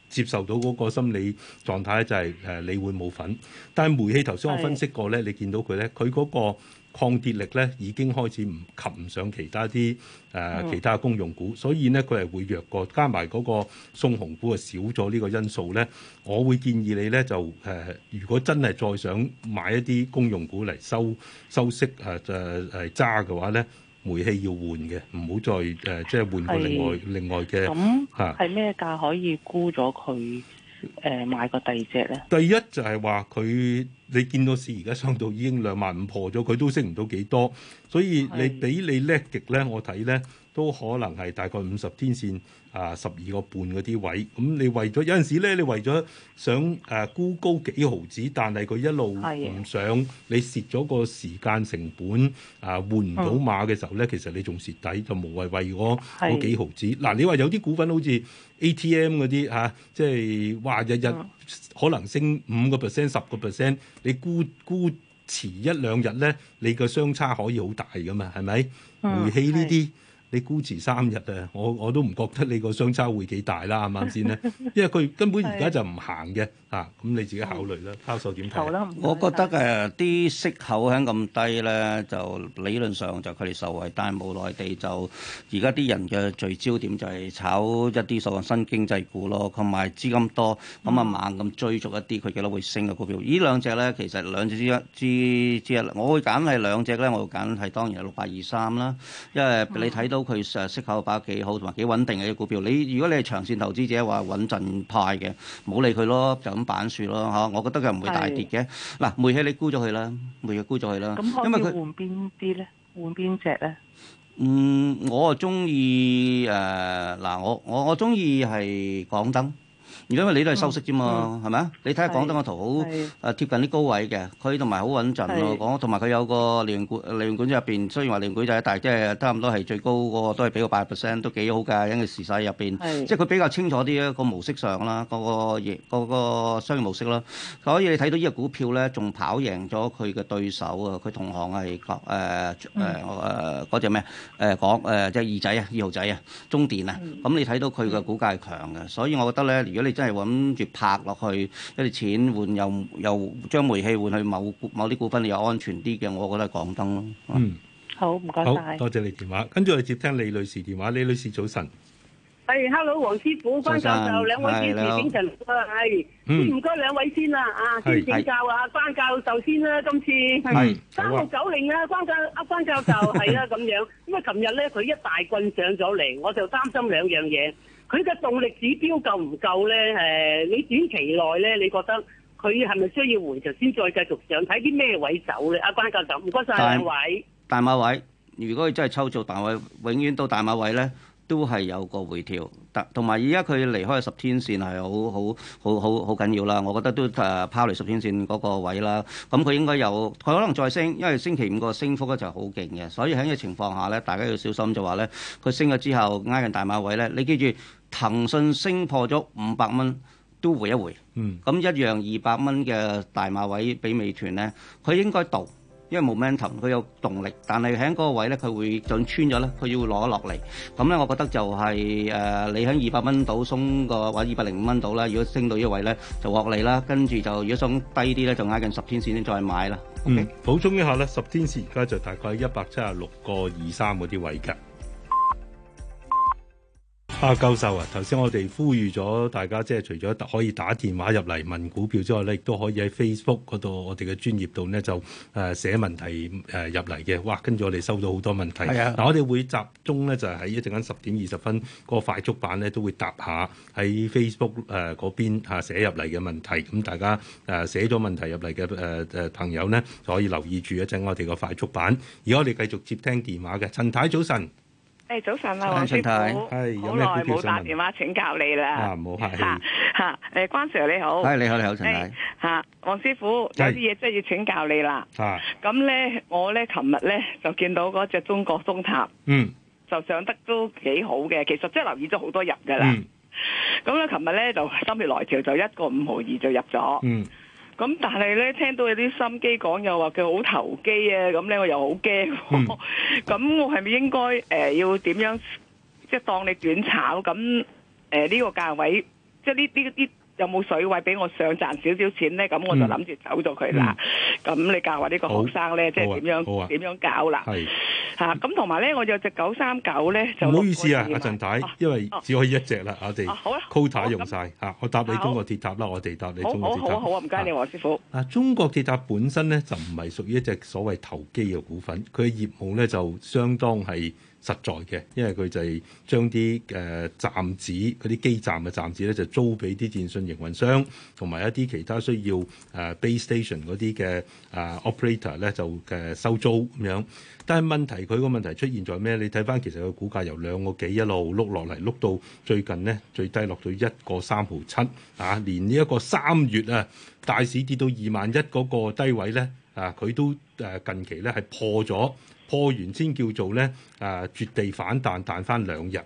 接受到嗰個心理狀態咧、就是，就係誒你會冇份。但係煤氣頭先我分析過咧，是你見到佢咧，佢嗰個抗跌力咧已經開始唔及唔上其他啲誒、呃、其他公用股，所以咧佢係會弱過，加埋嗰個送紅股啊少咗呢個因素咧，我會建議你咧就誒、呃，如果真係再想買一啲公用股嚟收收息誒誒誒揸嘅話咧。煤氣要換嘅，唔好再誒、呃，即係換過另外是另外嘅嚇。係咩價可以估咗佢誒買個第二隻咧？第一就係話佢你見到市而家上到已經兩萬五破咗，佢都升唔到幾多，所以你比你叻極咧，我睇咧。都可能係大概五十天線啊，十二個半嗰啲位咁、嗯。你為咗有陣時咧，你為咗想誒、啊、沽高幾毫子，但係佢一路唔想的你蝕咗個時間成本啊，換唔到馬嘅時候咧，其實你仲蝕底，就無謂為嗰嗰的幾毫子嗱、啊。你話有啲股份好似 A T M 嗰啲嚇，即係話日日可能升五個 percent 十個 percent，你估沽遲一兩日咧，你個相差可以好大噶嘛？係咪？煤氣呢啲？你估遲三日啊！我我都唔覺得你個相差會幾大啦，啱唔啱先咧？因為佢根本而家就唔行嘅嚇，咁 是的、啊嗯、你自己考慮啦。拋售點睇？啦、嗯，我覺得誒啲、呃、息口喺咁低咧，就理論上就佢哋受惠，但係無奈地就而家啲人嘅聚焦點就係炒一啲所謂新經濟股咯，同埋資金多咁啊猛咁追逐一啲佢幾多會升嘅股票。兩隻呢兩隻咧，其實兩隻之一之之，一，我會揀係兩隻咧，我會揀係當然係六百二三啦，因為你睇到、嗯。都佢誒息口，把幾好同埋幾穩定嘅股票。你如果你係長線投資者話，穩陣派嘅，唔好理佢咯，就咁板樹咯嚇。我覺得佢唔會大跌嘅。嗱的，煤氣你沽咗佢啦，煤氣沽咗佢啦。咁可佢換邊啲咧？換邊隻咧？嗯，我啊中意誒嗱，我我我中意係港燈。而因為你都係收息啫嘛，係咪、嗯、啊？你睇下廣東嘅圖好誒貼近啲高位嘅，佢同埋好穩陣喎講，同埋佢有個利潤管利潤管制入邊，雖然話利潤管制，但係即係差唔多係最高嗰個都係俾個八 percent 都幾好㗎，因為市勢入邊，是即係佢比較清楚啲一個、嗰個模式上啦，嗰、嗰個、嗰個商業模式咯。所以你睇到呢個股票咧，仲跑贏咗佢嘅對手啊！佢同行係國誒誒誒嗰隻咩誒國誒即係二仔啊、二號仔啊、中電啊，咁你睇到佢嘅股價係強嘅，所以我覺得咧，如果你真係揾住拍落去一啲錢換又又將煤氣換去某某啲股份又安全啲嘅，我覺得係港燈咯。嗯，好唔該曬，多謝你電話。跟住我接聽李女士電話。李女，女士早晨，係，hello 黃師傅關教授，兩晨位女士點係，唔該兩位先啦，啊，先見教啊關教授先啦，今次三六九零啊關教，關教授係啦咁樣。 因啊，琴日咧佢一大棍上咗嚟，我就擔心兩樣嘢。佢嘅動力指標夠唔夠咧？誒，你短期內咧，你覺得佢係咪需要回頭先再繼續上？睇啲咩位走咧？阿關教授，唔該曬兩位。大馬位，如果佢真係抽做大馬位，永遠到大馬位咧，都係有個回調。同同埋，而家佢離開十天線係好好好好好緊要啦。我覺得都誒拋離十天線嗰個位啦。咁佢應該有，佢可能再升，因為星期五個升幅咧就係好勁嘅。所以喺呢個情況下咧，大家要小心就話咧，佢升咗之後挨緊大馬位咧，你記住。騰訊升破咗五百蚊都回一回，咁、嗯、一樣二百蚊嘅大馬位俾美團咧，佢應該到，因為 momentum 佢、um, 有動力，但係喺嗰個位咧佢會進穿咗咧，佢要攞落嚟。咁咧我覺得就係、是、誒、呃、你喺二百蚊度鬆個或者二百零五蚊度啦，如果升到呢個位咧就獲利啦。跟住就如果鬆低啲咧，就挨近十天線先再買啦。嗯，Okay? 補充一下咧，十天線而家就大概一百七十六個二三嗰啲位㗎。阿、啊、教授啊，頭先我哋呼籲咗大家，即係除咗可以打電話入嚟問股票之外咧，亦都可以喺 Facebook 嗰度，我哋嘅專頁度咧就誒寫問題誒入嚟嘅。哇，跟住我哋收到好多問題。係的啊，嗱，我哋會集中咧就係、是、喺一陣間十點二十分個快速版咧都會答下喺 Facebook 誒嗰邊吓寫入嚟嘅問題。咁大家誒寫咗問題入嚟嘅誒誒朋友咧就可以留意住一陣我哋個快速版。而我哋繼續接聽電話嘅，陳太早晨。誒，hey, 早晨啦，啊，黃師傅，係好耐冇打電話請教你啦，啊啊，啊，唔好客氣吓，誒，關 Sir 你好，係你好你好，陳太，黃師傅 Hey. 有啲嘢真係要請教你啦，係 Hey.，咁咧我咧琴日咧就見到嗰隻中國中塔，嗯，啊，就上得都幾好嘅，其實即係留意咗好多人噶啦，咁咧琴日咧就心血來潮就一個五毫二就入咗，嗯，啊。咁但係咧，聽到有啲心機講又話佢好投機啊，咁咧我又好驚、啊。咁、嗯、我係咪應該誒、呃、要點樣即係當你短炒？咁誒呢個價位即係呢呢啲。有冇水位俾我上賺少少錢咧？咁我就諗住走咗佢啦。咁你教下呢個學生咧，即係點樣點樣搞啦？嚇！咁同埋咧，我有隻九三九咧就唔好意思啊，阿陳太，因為只可以一隻啦，我哋 quota 用曬嚇，我答你中國鐵塔啦，我哋答你中國鐵塔。好，好，好啊，唔該你黃師傅。啊，中國鐵塔本身咧就唔係屬於一隻所謂投機嘅股份，佢嘅業務咧就相當係實在嘅，因為佢就係將啲誒站址、嗰啲基站嘅站址咧，就租俾啲電信營運商同埋一啲其他需要誒、呃、base station 嗰啲嘅誒、呃、operator 咧，就誒、呃、收租咁樣。但係問題佢個問題出現在咩？你睇翻其實股價個股價由兩個幾一路碌落嚟，碌到最近呢，最低落到一個三毫七啊！連呢一個三月啊大市跌到二萬一嗰個低位咧啊，佢都誒、啊、近期咧係破咗。破完先叫做咧誒、呃、絕地反彈彈翻兩日，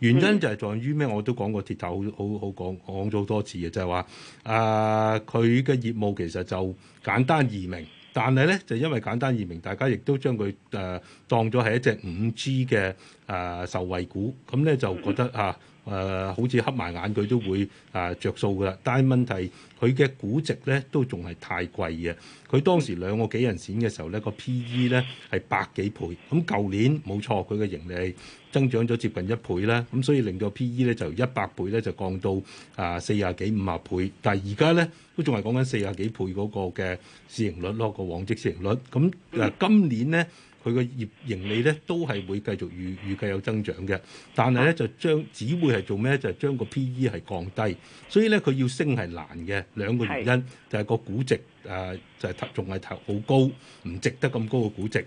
原因就係在於咩？我都講過鐵頭好好好講講咗好多次嘅，就係話誒佢嘅業務其實就簡單易明，但係咧就因為簡單易明，大家亦都將佢誒、呃當咗係一隻五 G 嘅誒、呃、受惠股，咁、嗯、咧就覺得啊誒、呃、好似黑埋眼佢都會誒、呃、著數㗎啦。但係問題佢嘅估值咧都仲係太貴嘅。佢當時兩個幾人錢嘅時候咧，呢那個 P E 咧係百幾倍。咁舊年冇錯，佢嘅盈利增長咗接近一倍啦。咁所以令到 P E 咧就由一百倍咧就降到啊四廿幾五啊倍。但係而家咧都仲係講緊四廿幾倍嗰個嘅市盈率咯，個往績市盈率。咁、那、嗱、個，今年咧。佢嘅業盈利咧都係會繼續預預計有增長嘅，但係咧就將只會係做咩咧？就將，就將個 PE 係降低，所以咧佢要升係難嘅。兩個原因是的 就係個估值誒就係仲係投好高，唔值得咁高嘅估值。呃就是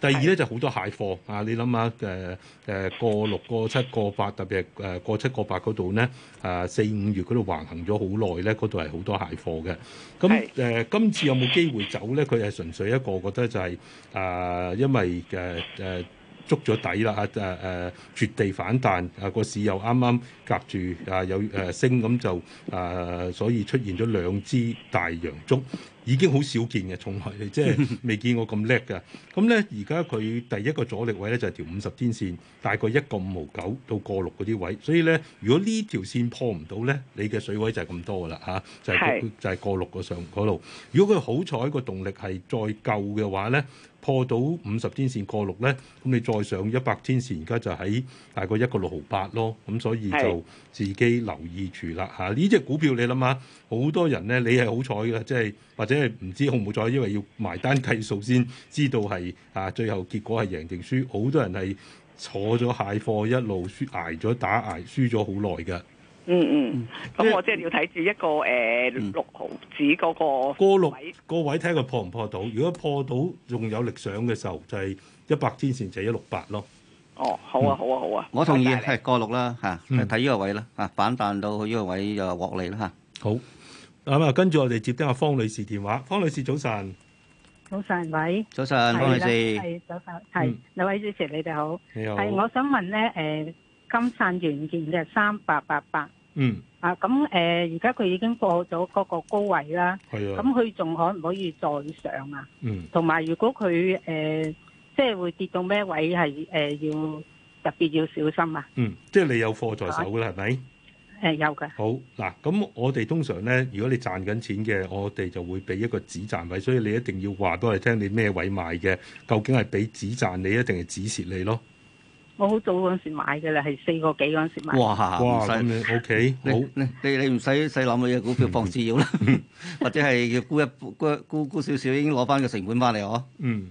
第二咧就好、是、多蟹貨啊！你諗下誒誒、呃、過六過七過八，特別係誒過七過八嗰度咧，啊、呃、四五月嗰度橫行咗好耐咧，嗰度係好多蟹貨嘅。咁、嗯、誒、呃、今次有冇機會走咧？佢係純粹一個覺得就係、是、啊、呃，因為誒誒、呃、捉咗底啦嚇誒誒絕地反彈啊，個市又啱啱夾住啊有誒、啊、升，咁就啊所以出現咗兩支大陽燭。已經好少見嘅，從來即係未見過咁叻㗎。咁咧，而家佢第一個阻力位咧就係條五十天線，大概一個五毫九到過六嗰啲位。所以咧，如果呢條線破唔到咧，你嘅水位就係咁多噶啦吓，就係、是、是就係過六個上嗰度。如果佢好彩個動力係再夠嘅話咧，破到五十天線過六咧，咁你再上一百天線，而家就喺大概一個六毫八咯。咁所以就自己留意住啦吓，呢隻是、啊這個、股票你諗下，好多人咧，你係好彩嘅，即、就、係、是即係唔知好唔好再，因為要埋單計數先知道係啊，最後結果係贏定輸。好多人係坐咗蟹貨一路輸，挨咗打，挨輸咗好耐噶。嗯、呃那個、嗯，咁我即係要睇住一個誒六毫子嗰個個位，過六個位睇佢破唔破到。如果破到仲有力上嘅時候，就係一百天綫就一六八咯、嗯。哦，好啊，好啊，好啊，我同意係過六啦吓，睇、啊、呢、嗯、個位啦吓，反、啊、彈到呢個位就獲利啦吓。啊、好。咁啊，跟住我哋接聽阿方女士電話。方女士早晨，早晨，喂，早晨上，方女士，係早晨，係兩位主持，你哋好，你好，係我想問咧，誒、呃，金山元件嘅三八八八，嗯，啊，咁、呃、誒，而家佢已經過咗嗰個高位啦，係啊的，咁佢仲可唔可以再上啊？嗯，同埋如果佢誒、呃，即係會跌到咩位係誒、呃、要特別要小心啊？嗯，即係你有貨在手㗎啦，係咪？誒，有嘅好嗱，咁我哋通常咧，如果你賺緊錢嘅，我哋就會俾一個止賺位，所以你一定要話俾我哋聽你咩位買嘅，究竟係俾止賺你，一定係止蝕你咯。我好早嗰時買嘅啦，係四個幾嗰時買。哇哇，咁哇用你 O、okay, K 好，你你唔使細諗，你嘅股票放次要啦，要 或者係沽一沽沽沽少少，已經攞翻個成本翻嚟哦。嗯。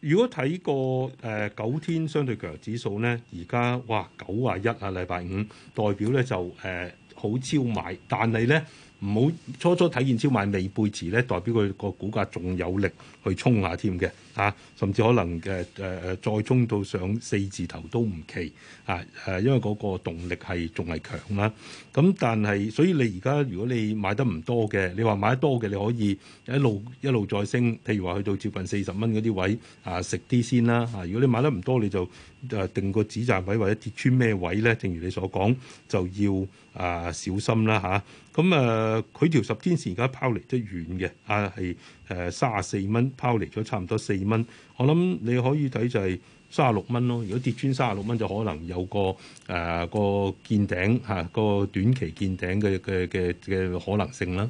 如果睇過誒九天相對強指數咧，而家哇九啊一啊，禮拜五代表咧就誒好超買，但係咧唔好初初睇見超買未背馳咧，代表佢個、呃、股價仲有力去衝下添嘅。啊，甚至可能嘅誒誒再衝到上四字頭都唔奇啊！誒、啊，因為嗰個動力係仲係強啦。咁、啊、但係，所以你而家如果你買得唔多嘅，你話買得多嘅，你可以一路一路再升。譬如話去到接近四十蚊嗰啲位啊，食啲先啦。啊，如果你買得唔多，你就誒定個止賺位或者跌穿咩位咧？正如你所講，就要啊小心啦嚇。咁、啊、誒，佢、啊、條十天線而家拋離得遠嘅啊，係。誒三啊四蚊拋離咗，差唔多四蚊。我諗你可以睇就係三啊六蚊咯。如果跌穿三啊六蚊，就可能有個誒、呃、個見頂嚇、啊、個短期見頂嘅嘅嘅嘅可能性啦。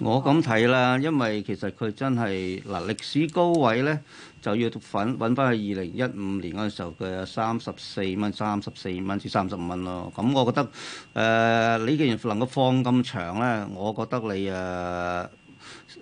我咁睇啦，因為其實佢真係嗱歷史高位咧，就要揾揾翻去二零一五年嗰陣時候嘅三十四蚊、三十四蚊至三十五蚊咯。咁、嗯、我覺得誒、呃，你既然能夠放咁長咧，我覺得你誒。呃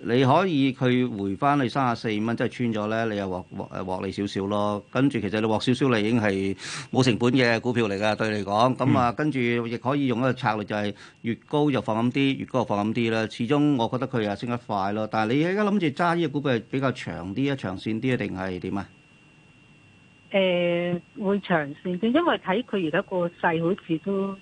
你可以佢回翻你三十四五蚊，即係穿咗咧，你又獲獲誒獲利少少咯。跟住其實你獲少少你已經係冇成本嘅股票嚟噶對你嚟講，咁啊跟住亦可以用一個策略就係越高就放咁啲，越高就放咁啲啦。始終我覺得佢又升得快咯。但係你而家諗住揸呢個股票係比較長啲啊，長線啲啊，定係點啊？誒、欸，會長線啲，因為睇佢而家個勢好似都。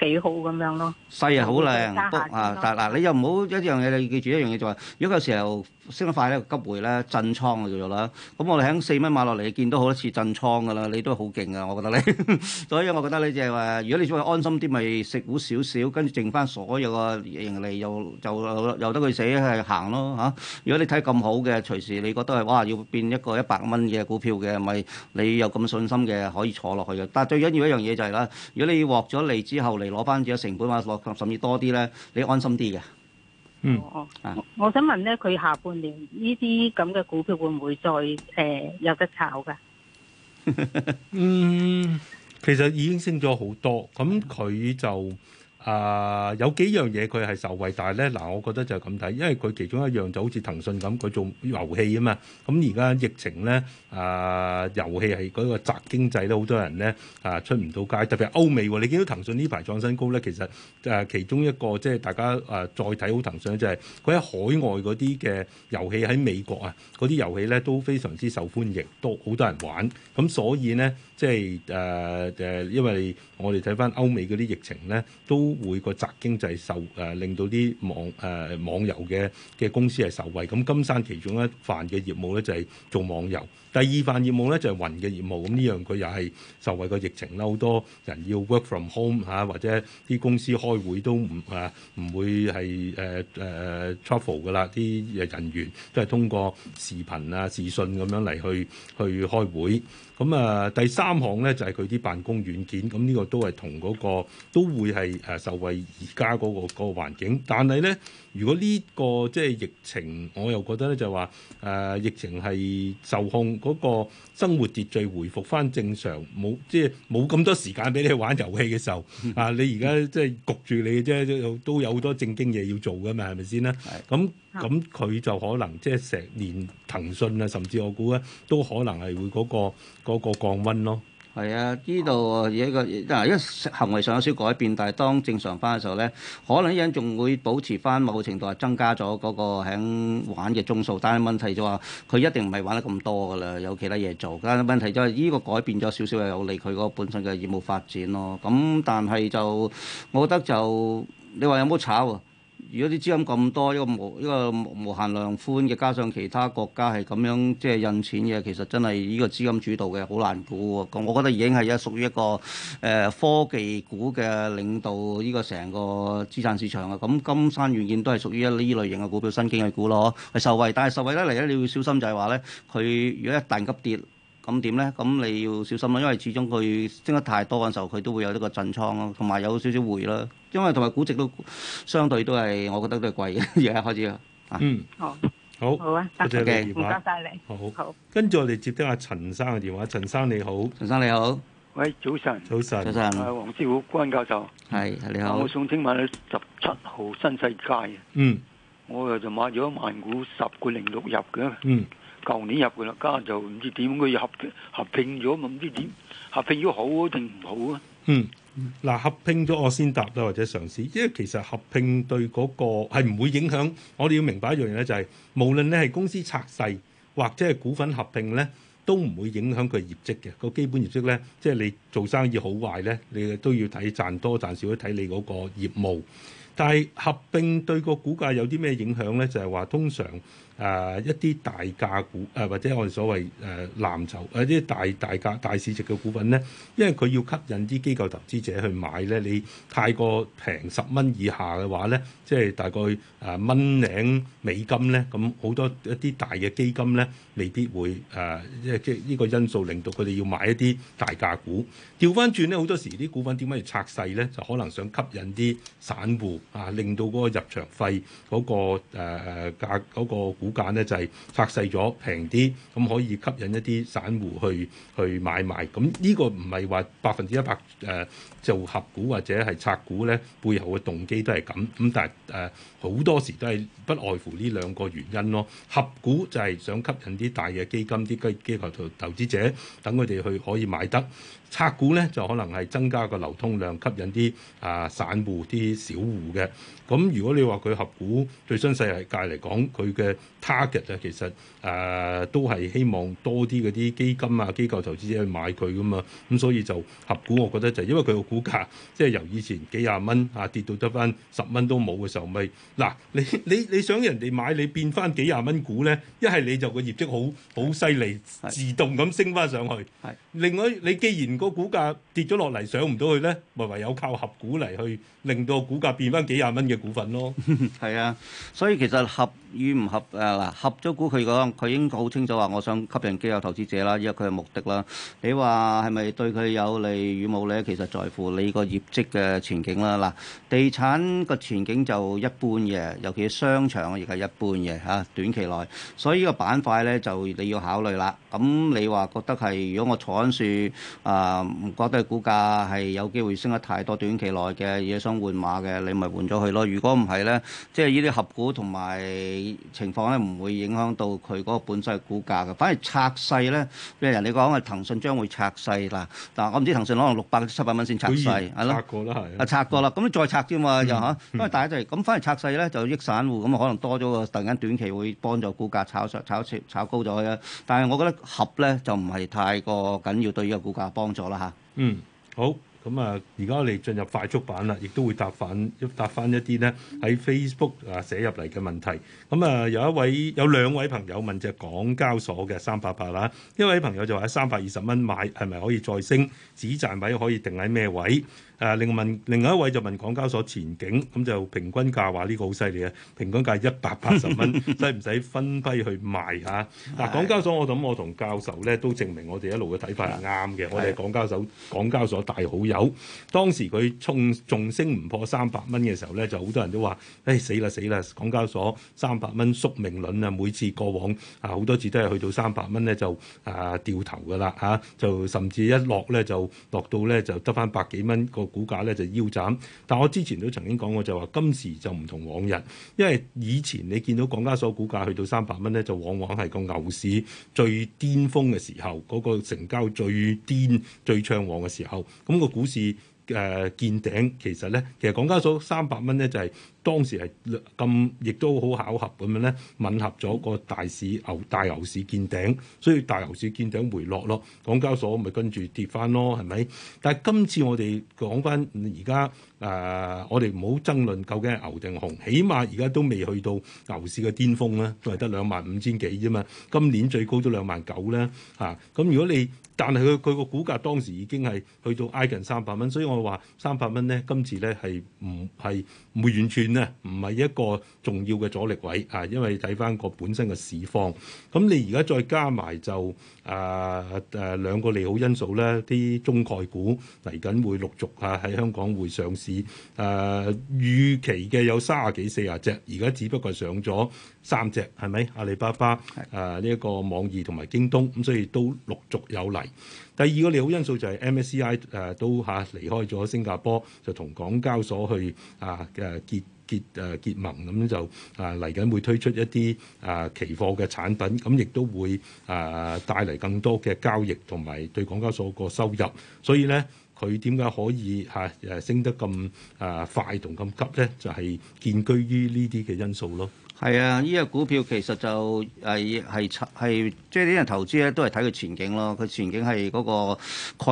幾好咁樣咯，細啊好靚，但啊但係嗱，啊、你又唔好一樣嘢，你記住一樣嘢就係，嗯、如果有時候。升得快咧，急回咧，震倉叫做啦。咁我哋喺四蚊買落嚟，見到好多次震倉噶啦。你都好勁噶，我覺得你。 所以，我覺得你即係話，如果你想安心啲，咪食股少少，跟住剩翻所有嘅盈利，又就由得佢死係行咯嚇。如果你睇咁好嘅，隨時你覺得係哇，要變一個一百蚊嘅股票嘅，咪你有咁信心嘅可以坐落去嘅。但係最緊要一樣嘢就係、是、啦，如果你獲咗利之後，嚟攞翻自己成本或落甚至多啲咧，你安心啲嘅。嗯，我我想問咧，佢下半年呢啲咁嘅股票會唔會再誒、呃、有得炒㗎？ 嗯，其實已經升咗好多，咁佢就。啊，uh, 有幾樣嘢佢係受惠，但係咧嗱，我覺得就係咁睇，因為佢其中一樣就好似騰訊咁，佢做遊戲啊嘛。咁而家疫情咧，啊遊戲係嗰個宅經濟咧，好多人咧啊出唔到街，特別係歐美喎。你見到騰訊呢排創新高咧，其實誒、啊、其中一個即係、就是、大家啊再睇好騰訊就係佢喺海外嗰啲嘅遊戲喺美國啊嗰啲遊戲咧都非常之受歡迎，都好多人玩。咁所以咧。即係誒誒，因為我哋睇返歐美嗰啲疫情咧，都會個窒經濟受誒、呃，令到啲網誒、呃、網遊嘅嘅公司係受惠。咁金山其中一範嘅業務咧，就係做網遊。第二份業務咧就係、是、雲嘅業務，咁、嗯、呢樣佢又係受惠個疫情啦，好多人要 work from home 嚇、啊，或者啲公司開會都唔啊唔會係誒誒 travel 嘅啦，啲、呃呃、人員都係通過視頻啊視訊咁樣嚟去去開會。咁、嗯、啊、呃、第三項咧就係佢啲辦公軟件，咁、嗯、呢、這個都係同嗰、那個都會係誒受惠而家嗰個嗰、那個、環境。但係咧，如果呢、這個即係、就是、疫情，我又覺得咧就話誒、呃、疫情係受控。嗰個生活秩序回復翻正常，冇即係冇咁多時間俾你玩遊戲嘅時候， 啊！你而家即係焗住你啫，都有好多正經嘢要做㗎嘛，係咪先啦？係。咁咁佢就可能即係成年騰訊啊，甚至我估咧都可能係會嗰、嗰個嗰個降溫咯。係啊，呢度一個嗱，一行為上有少改變，但係當正常翻嘅時候咧，可能一樣仲會保持翻某程度係增加咗嗰個喺玩嘅宗數，但係問題就話佢一定唔係玩得咁多噶啦，有其他嘢做。但係問題就係呢個改變咗少少係有利佢嗰個本身嘅業務發展咯。咁但係就我覺得就你話有冇炒啊？如果啲資金咁多，一個無一個無，一個無限量寬嘅，加上其他國家係咁樣即係、就是、印錢嘅，其實真係呢個資金主導嘅，好難估啊！我覺得已經係一屬於一個誒、呃、科技股嘅領導，呢、這個成個資產市場啊！咁金山軟件都係屬於一呢類型嘅股票，新經濟股咯，係受惠。但係受惠咧嚟咧，你要小心就係話咧，佢如果一旦急跌。咁點咧？咁你要小心咯，因為始終佢升得太多嘅時候，佢都會有呢個震倉咯，同埋有少少回啦。因為同埋估值都相對都係，我覺得都係貴嘅。而家開始啦。嗯。好。好。好啊。多謝你電話，唔該曬你。好。好。跟住我哋接聽阿陳生嘅電話。陳生你好。陳生你好。喂，早晨。早晨。早晨。黃師傅，關教授。係。你好。我送聽晚去十七號新世界啊。嗯。我又就買咗萬股十個零六入嘅。嗯。舊年入嘅啦，家就唔知點佢要合併咗，唔知點合併咗好定唔好啊？嗯，嗱，合併咗我先答啦，或者嘗試，因為其實合併對嗰個係唔會影響。我哋要明白一樣嘢咧，就係無論你係公司拆細或者係股份合併咧，都唔會影響佢業績嘅。個基本業績咧，即係你做生意好壞咧，你都要睇賺多賺少，都睇你嗰個業務。但係合併對個股價有啲咩影響咧？就係話通常。誒、呃、一啲大價股誒、呃、或者我哋所謂誒、呃、藍籌誒啲、呃、大大價大市值嘅股份咧，因為佢要吸引啲機構投資者去買咧，你太過平十蚊以下嘅話咧，即係大概誒蚊零美金咧，咁好多一啲大嘅基金咧未必會誒、呃，即係即係呢個因素令到佢哋要買一啲大價股。調返轉咧，好多時啲股份點解要拆細咧？就可能想吸引啲散戶啊，令到嗰個入場費嗰個誒誒價嗰個。呃股價咧就係拆細咗，平啲，咁可以吸引一啲散戶去去買賣。咁呢個唔係話百分之一百誒。呃做合股或者係拆股咧，背後嘅動機都係咁。咁但係誒好多時都係不外乎呢兩個原因咯。合股就係想吸引啲大嘅基金、啲機機構投投資者，等佢哋去可以買得。拆股咧就可能係增加個流通量，吸引啲啊、呃、散戶、啲小戶嘅。咁如果你話佢合股對新世界嚟講，佢嘅 target 啊，其實誒、呃、都係希望多啲嗰啲基金啊、機構投資者去買佢噶嘛。咁所以就合股，我覺得就因為佢。股價即係由以前幾廿蚊啊跌到得翻十蚊都冇嘅時候，咪嗱，你你你想人哋買你變翻幾廿蚊股咧，一係你就個業績好好犀利自動咁升翻上去，另外你既然個股價跌咗落嚟上唔到去咧，咪唯有靠合股嚟去令到個股價變翻幾廿蚊嘅股份咯。係啊，所以其實合與唔合啊嗱，合咗股佢講佢已經好清楚話，我想吸引機構投資者啦，依家佢嘅目的啦。你話係咪對佢有利與冇利咧？其實在乎。你個業績嘅前景啦，嗱，地產個前景就一般嘅，尤其係商場亦係一般嘅嚇、啊，短期內。所以呢個板塊咧就你要考慮啦。咁、嗯、你話覺得係，如果我坐穩樹，啊、呃，唔覺得股價係有機會升得太多，短期內嘅嘢想換馬嘅，你咪換咗佢咯。如果唔係咧，即係呢啲合股同埋情況咧，唔會影響到佢嗰個本身嘅股價嘅。反而拆細咧，即係人哋講係騰訊將會拆細啦。嗱，我唔知騰訊可能六百七百蚊先拆。細係咯，的拆過啦，係的，啊拆過啦，咁的再拆啫嘛，又嚇、嗯，的因為大家就係、是、咁，翻嚟 拆細咧就益散戶，咁啊可能多咗個突然間短期會幫助股價炒上炒炒高咗去，但係我覺得合咧就唔係太過緊要，對依個股價幫助啦吓，嗯，好，咁啊而家我哋進入快速版啦，亦都會答返一答翻一啲咧喺 Facebook 啊寫入嚟嘅問題。咁啊、嗯，有一位有兩位朋友問隻港交所嘅三百八,八啦，一位朋友就話三百二十蚊買係咪可以再升，止賺位可以定喺咩位？啊、呃，另外另外一位就問港交所前景，咁、嗯、就平均價話呢、這個好犀利啊，平均價一百八十蚊，使唔使分批去賣嚇、啊？嗱， 港交所我諗我同教授咧都證明我哋一路嘅睇法係啱嘅，我哋係港交所港交所大好友，當時佢衝仲升唔破三百蚊嘅時候咧，就好多人都話，唉、哎、死啦死啦，港交所三。百蚊宿命論啊！每次過往啊，好多次都係去到三百蚊咧，就啊掉頭噶啦嚇，就甚至一落咧就落到咧就得返百幾蚊個股價咧就腰斬。但我之前都曾經講過就，就話今時就唔同往日，因為以前你見到港交所股價去到三百蚊咧，就往往係個牛市最巔峰嘅時候，嗰個成交最癲最暢旺嘅時候，咁個股市。誒、呃、見頂其實咧，其實港交所三百蚊咧就係、是、當時係咁，亦都好巧合咁樣咧，吻合咗個大市牛大牛市見頂，所以大牛市見頂回落咯，港交所咪跟住跌翻咯，係咪？但係今次我哋講翻而家誒，我哋唔好爭論究竟係牛定熊，起碼而家都未去到牛市嘅巔峰咧，都係得兩萬五千幾啫嘛。今年最高都兩萬九咧，嚇、嗯！咁如果你但係佢佢個股價當時已經係去到挨近三百蚊，所以我話三百蚊咧，今次咧係唔係唔會完全咧，唔係一個重要嘅阻力位啊，因為睇翻個本身嘅市況。咁你而家再加埋就啊誒、啊、兩個利好因素咧，啲中概股嚟緊會陸續啊喺香港會上市。誒、啊、預期嘅有三十幾四十隻，而家只不過上咗三隻，係咪阿里巴巴？係呢一個網易同埋京東咁，所以都陸續有嚟。第二個利好因素就係 MSCI 誒都嚇離開咗新加坡，就同港交所去啊誒結結誒結盟，咁就啊嚟緊會推出一啲啊期貨嘅產品，咁亦都會啊帶嚟更多嘅交易同埋對港交所個收入。所以咧，佢點解可以嚇誒、啊、升得咁啊快同咁急咧？就係、是、建居於呢啲嘅因素咯。係啊，呢、這個股票其實就係係係即係啲人投資咧，都係睇佢前景咯。佢前景係嗰、那個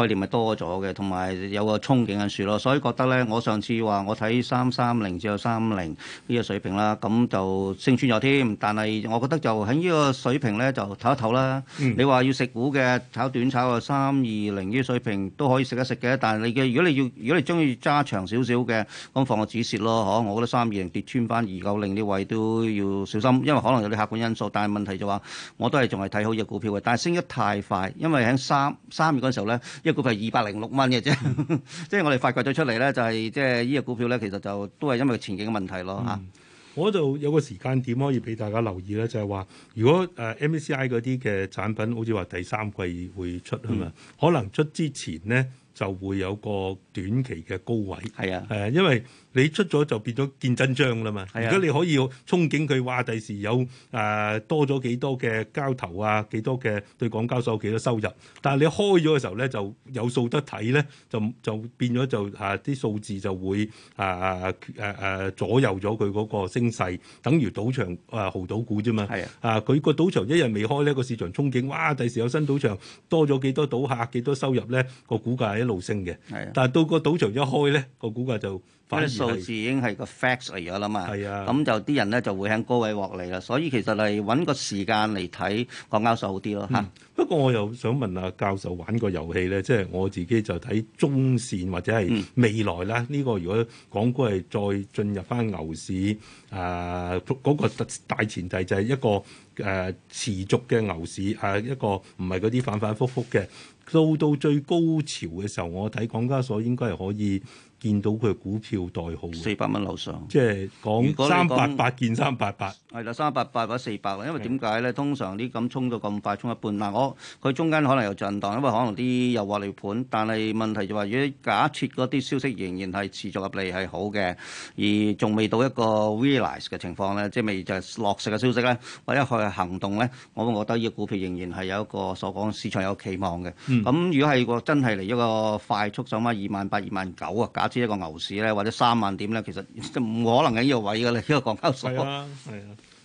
概念咪多咗嘅，同埋有個憧憬嘅住咯。所以覺得咧，我上次話我睇三三零至到三五零呢個水平啦，咁就升穿咗添。但係我覺得就喺呢個水平咧就唞一唞啦。嗯、你話要食股嘅炒短炒啊，三二零呢個水平都可以食一食嘅。但係你嘅如果你要如果你中意揸長少少嘅，咁放個止蝕咯，嗬？我覺得三二零跌穿翻二九零呢位都要。要小心，因為可能有啲客觀因素，但係問題就話，我都係仲係睇好呢隻股票嘅。但係升得太快，因為喺三三月嗰時候咧，呢、這個股票係二百零六蚊嘅啫。即係、嗯、 我哋發掘咗出嚟咧，就係即係呢隻股票咧，其實就都係因為前景嘅問題咯嚇、嗯。我就有個時間點可以俾大家留意咧，就係、是、話，如果誒 MSCI 嗰啲嘅產品，好似話第三季會出啊嘛、嗯，可能出之前咧就會有個短期嘅高位。係啊，誒，因為。你出咗就變咗見真章啦嘛！如果你可以憧憬佢，哇！第時有誒、呃、多咗幾多嘅交投啊，幾多嘅對港交所有幾多收入？但係你開咗嘅時候咧，就有數得睇咧，就就變咗就啊啲數字就會啊誒誒、啊啊、左右咗佢嗰個升勢，等於賭場啊豪賭股啫嘛！係是的 啊，啊佢個賭場一日未開咧，個市場憧憬，哇！第時有新賭場多咗幾多賭客、幾多收入咧，個股價係一路升嘅。係啊的，但係到個賭場一開咧，個股價就～啲數字已經係個 fact 嚟咗啦嘛，咁就啲人咧就會向高位獲利啦。所以其實係揾個時間嚟睇港交所好啲咯嚇。嗯嗯、不過我又想問阿教授玩個遊戲咧，即係我自己就睇中線或者係未來啦。呢、嗯、個如果港股係再進入翻牛市，誒、呃、嗰、那個特大前提就係一個誒、呃、持續嘅牛市，誒、呃、一個唔係嗰啲反反覆覆嘅，到到最高潮嘅時候，我睇港交所應該係可以。見到佢股票代號四百蚊樓上，即係是講三八八見三八八，係啦三八八或者四百。300, 800, 400, 因為點解咧？的通常啲咁衝到咁快，衝一半嗱，我、嗯、佢、哦、中間可能有震盪，因為可能啲又獲利盤。但係問題就話、是，如果假設嗰啲消息仍然係持續入嚟係好嘅，而仲未到一個 realize 嘅情況咧，即係未就落實嘅消息咧，或者佢去行動咧，我覺得呢個股票仍然係有一個所講市場有期望嘅。咁、嗯、如果係個真係嚟一個快速上翻二萬八、二萬九啊，假知一個牛市咧，或者三萬點咧，其實就唔可能喺呢個位嘅啦，呢、這個港交所。係啊，啊，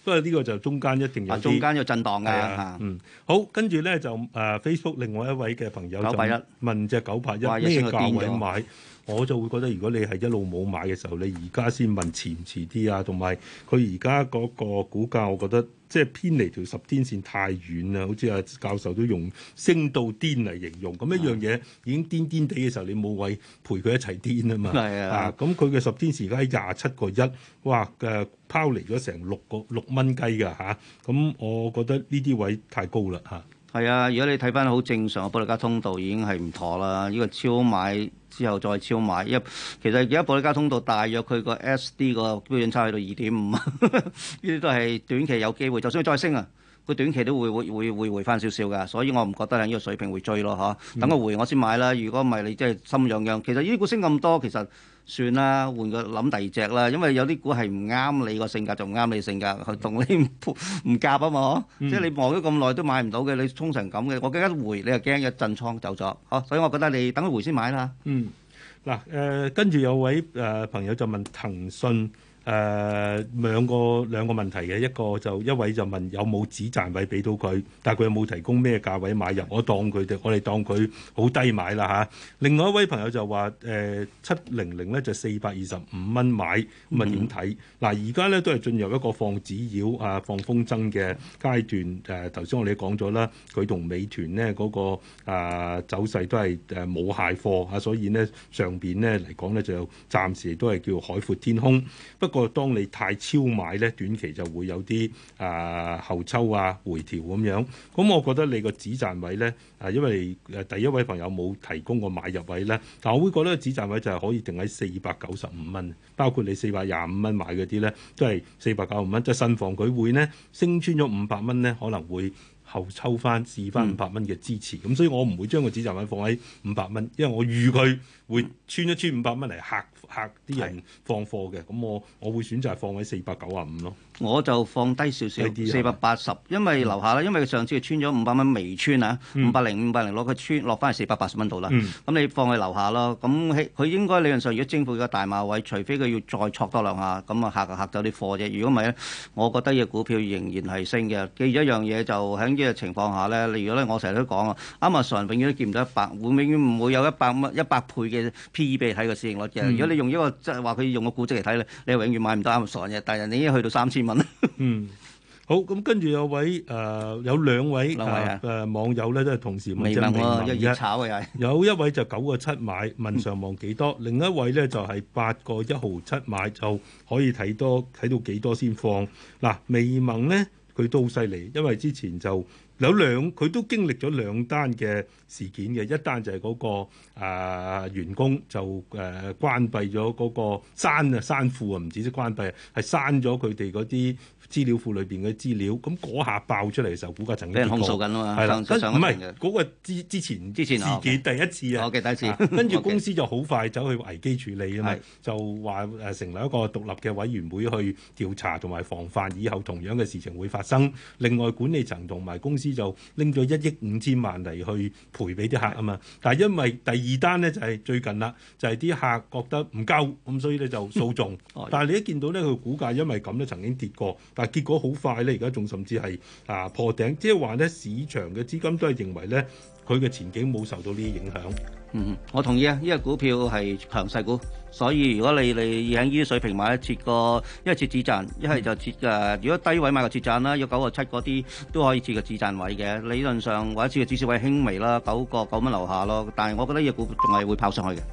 不過呢個就中間一定有一。中間要震盪啊，中間有振盪嘅。嗯，好，跟住咧就誒、呃、Facebook 另外一位嘅朋友就問隻九百一咩嘩價位買？我就會覺得，如果你係一路冇買嘅時候，你而家先問遲唔遲啲啊，同埋佢而家嗰個股價，我覺得即係偏離條十天線太遠啦。好似阿教授都用升到癲嚟形容，咁一樣嘢已經癲癲地嘅時候，你冇位陪佢一齊癲啊嘛。係啊，咁佢嘅十天線而家喺廿七個一，哇嘅拋離咗成六個六蚊雞㗎嚇。咁我覺得呢啲位太高啦嚇。係啊，如果你睇翻好正常嘅保歷加通道已經係唔妥啦，呢、呢個超買。之後再超買，因為其實而家保歷加通道大約佢個 SD 個標準差去到二點五，呢啲都係短期有機會。就算佢再升啊，佢短期都會會會,會回翻少少嘅，所以我唔覺得喺呢個水平會追咯，嚇、啊。等佢回我先買啦。如果唔係你真係心癢癢，其實呢啲股升咁多，其實。算啦，換個諗第二隻啦，因為有啲股係唔啱你個性格，就唔啱你性格，同你唔夾啊嘛，嗯、即係你望咗咁耐都買唔到嘅，你衝成咁嘅，我驚一回你又驚一震倉走咗，好，所以我覺得你等一回先買啦。嗯，嗱、呃，誒跟住有位誒、呃、朋友就問騰訊。誒、呃、兩個兩個問題嘅，一個就一位就問有冇止賺位俾到佢，但係佢有冇提供咩價位買入？我當佢哋，我哋當佢好低買啦嚇。另外一位朋友就話誒七零零咧就四百二十五蚊買，咁啊點睇？嗱而家咧都係進入一個放紙鷂、啊、放風箏嘅階段。誒頭先我哋講咗啦，佢、啊、同美團呢嗰、那個、啊、走勢都係誒無蟹貨嚇、啊，所以呢，上邊呢嚟講呢，就暫時都係叫海闊天空，不過。不過當你太超買咧，短期就會有啲、呃、啊，後抽啊回調咁樣。咁我覺得你個止賺位咧啊，因為第一位朋友冇提供個買入位咧，但我會覺得止賺位就係可以定喺四百九十五蚊，包括你四百廿五蚊買嗰啲咧，都係四百九十五蚊。即係新房佢會呢，升穿咗五百蚊咧，可能會後抽翻試翻五百蚊嘅支持。咁、嗯、所以我唔會將個止賺位放喺五百蚊，因為我預佢會穿一穿五百蚊嚟嚇。客啲人放貨嘅，咁是我我會選擇放喺四百九啊五咯。我就放低少少 80,，四百八十，因為樓下啦，因為佢上次穿咗五百蚊微穿啊，五百零五百零攞佢穿落翻去四百八十蚊度啦。咁、嗯、你放喺樓下咯。咁佢佢應該理論上如果征服嘅大碼位，除非佢要再戳多兩下，咁啊客嚇走啲貨啫。如果唔係咧，我覺得隻股票仍然係升嘅。記住一樣嘢就喺呢個情況下咧，例如咧我成日都講啊，啱啊，Amazon 永遠都見唔到一百，會永遠唔會有一百蚊一百倍嘅 PE 比喺個市盈率嘅。如果你用一個即係話佢用個估值嚟睇咧，你係永遠買唔到咁傻嘅。但係你已經去到三千蚊，嗯，好咁跟住有位誒有兩位啦，誒網友咧都係同時微盟喎，一熱炒嘅又係有一位就九個七買問上望幾多，另一位咧就係八個一毫七買就可以睇多睇到幾多先放嗱，微盟咧佢都好犀利，因為之前就。有兩，佢都經歷咗兩單嘅事件嘅，一單就係嗰個啊、呃、員工就誒、呃、關閉咗嗰個刪啊刪庫啊，唔止係關閉啊，係刪咗佢哋嗰啲資料庫裏邊嘅資料，咁嗰下爆出嚟嘅時候，股價曾經控訴緊啊嘛，係啦，唔係嗰個之前之前之前自己第一次啊，我嘅、哦 okay, 第一次，跟住、啊 okay, 公司就好快走去危機處理啊嘛，okay, 就話誒成立一個獨立嘅委員會去調查同埋防範以後同樣嘅事情會發生。另外，管理層同埋公司就拎咗一億五千萬嚟去賠俾啲客啊嘛。但係因為第二單呢，就係、是、最近啦，就係、是、啲客覺得唔夠咁，所以咧就訴訟。但係你一見到呢，佢股價因為咁咧曾經跌過。但結果好快咧，而家仲甚至係啊破頂，即係話咧市場嘅資金都係認為咧佢嘅前景冇受到呢啲影響。嗯，我同意啊，呢隻股票係強勢股，所以如果你你喺呢啲水平買，切個一係切止賺，一係就切誒、呃。如果低位買個止賺啦，有九個七嗰啲都可以切個止賺位嘅。理論上或者切個止蝕位輕微啦，九個九蚊樓下咯。但係我覺得呢隻股仲係會跑上去嘅。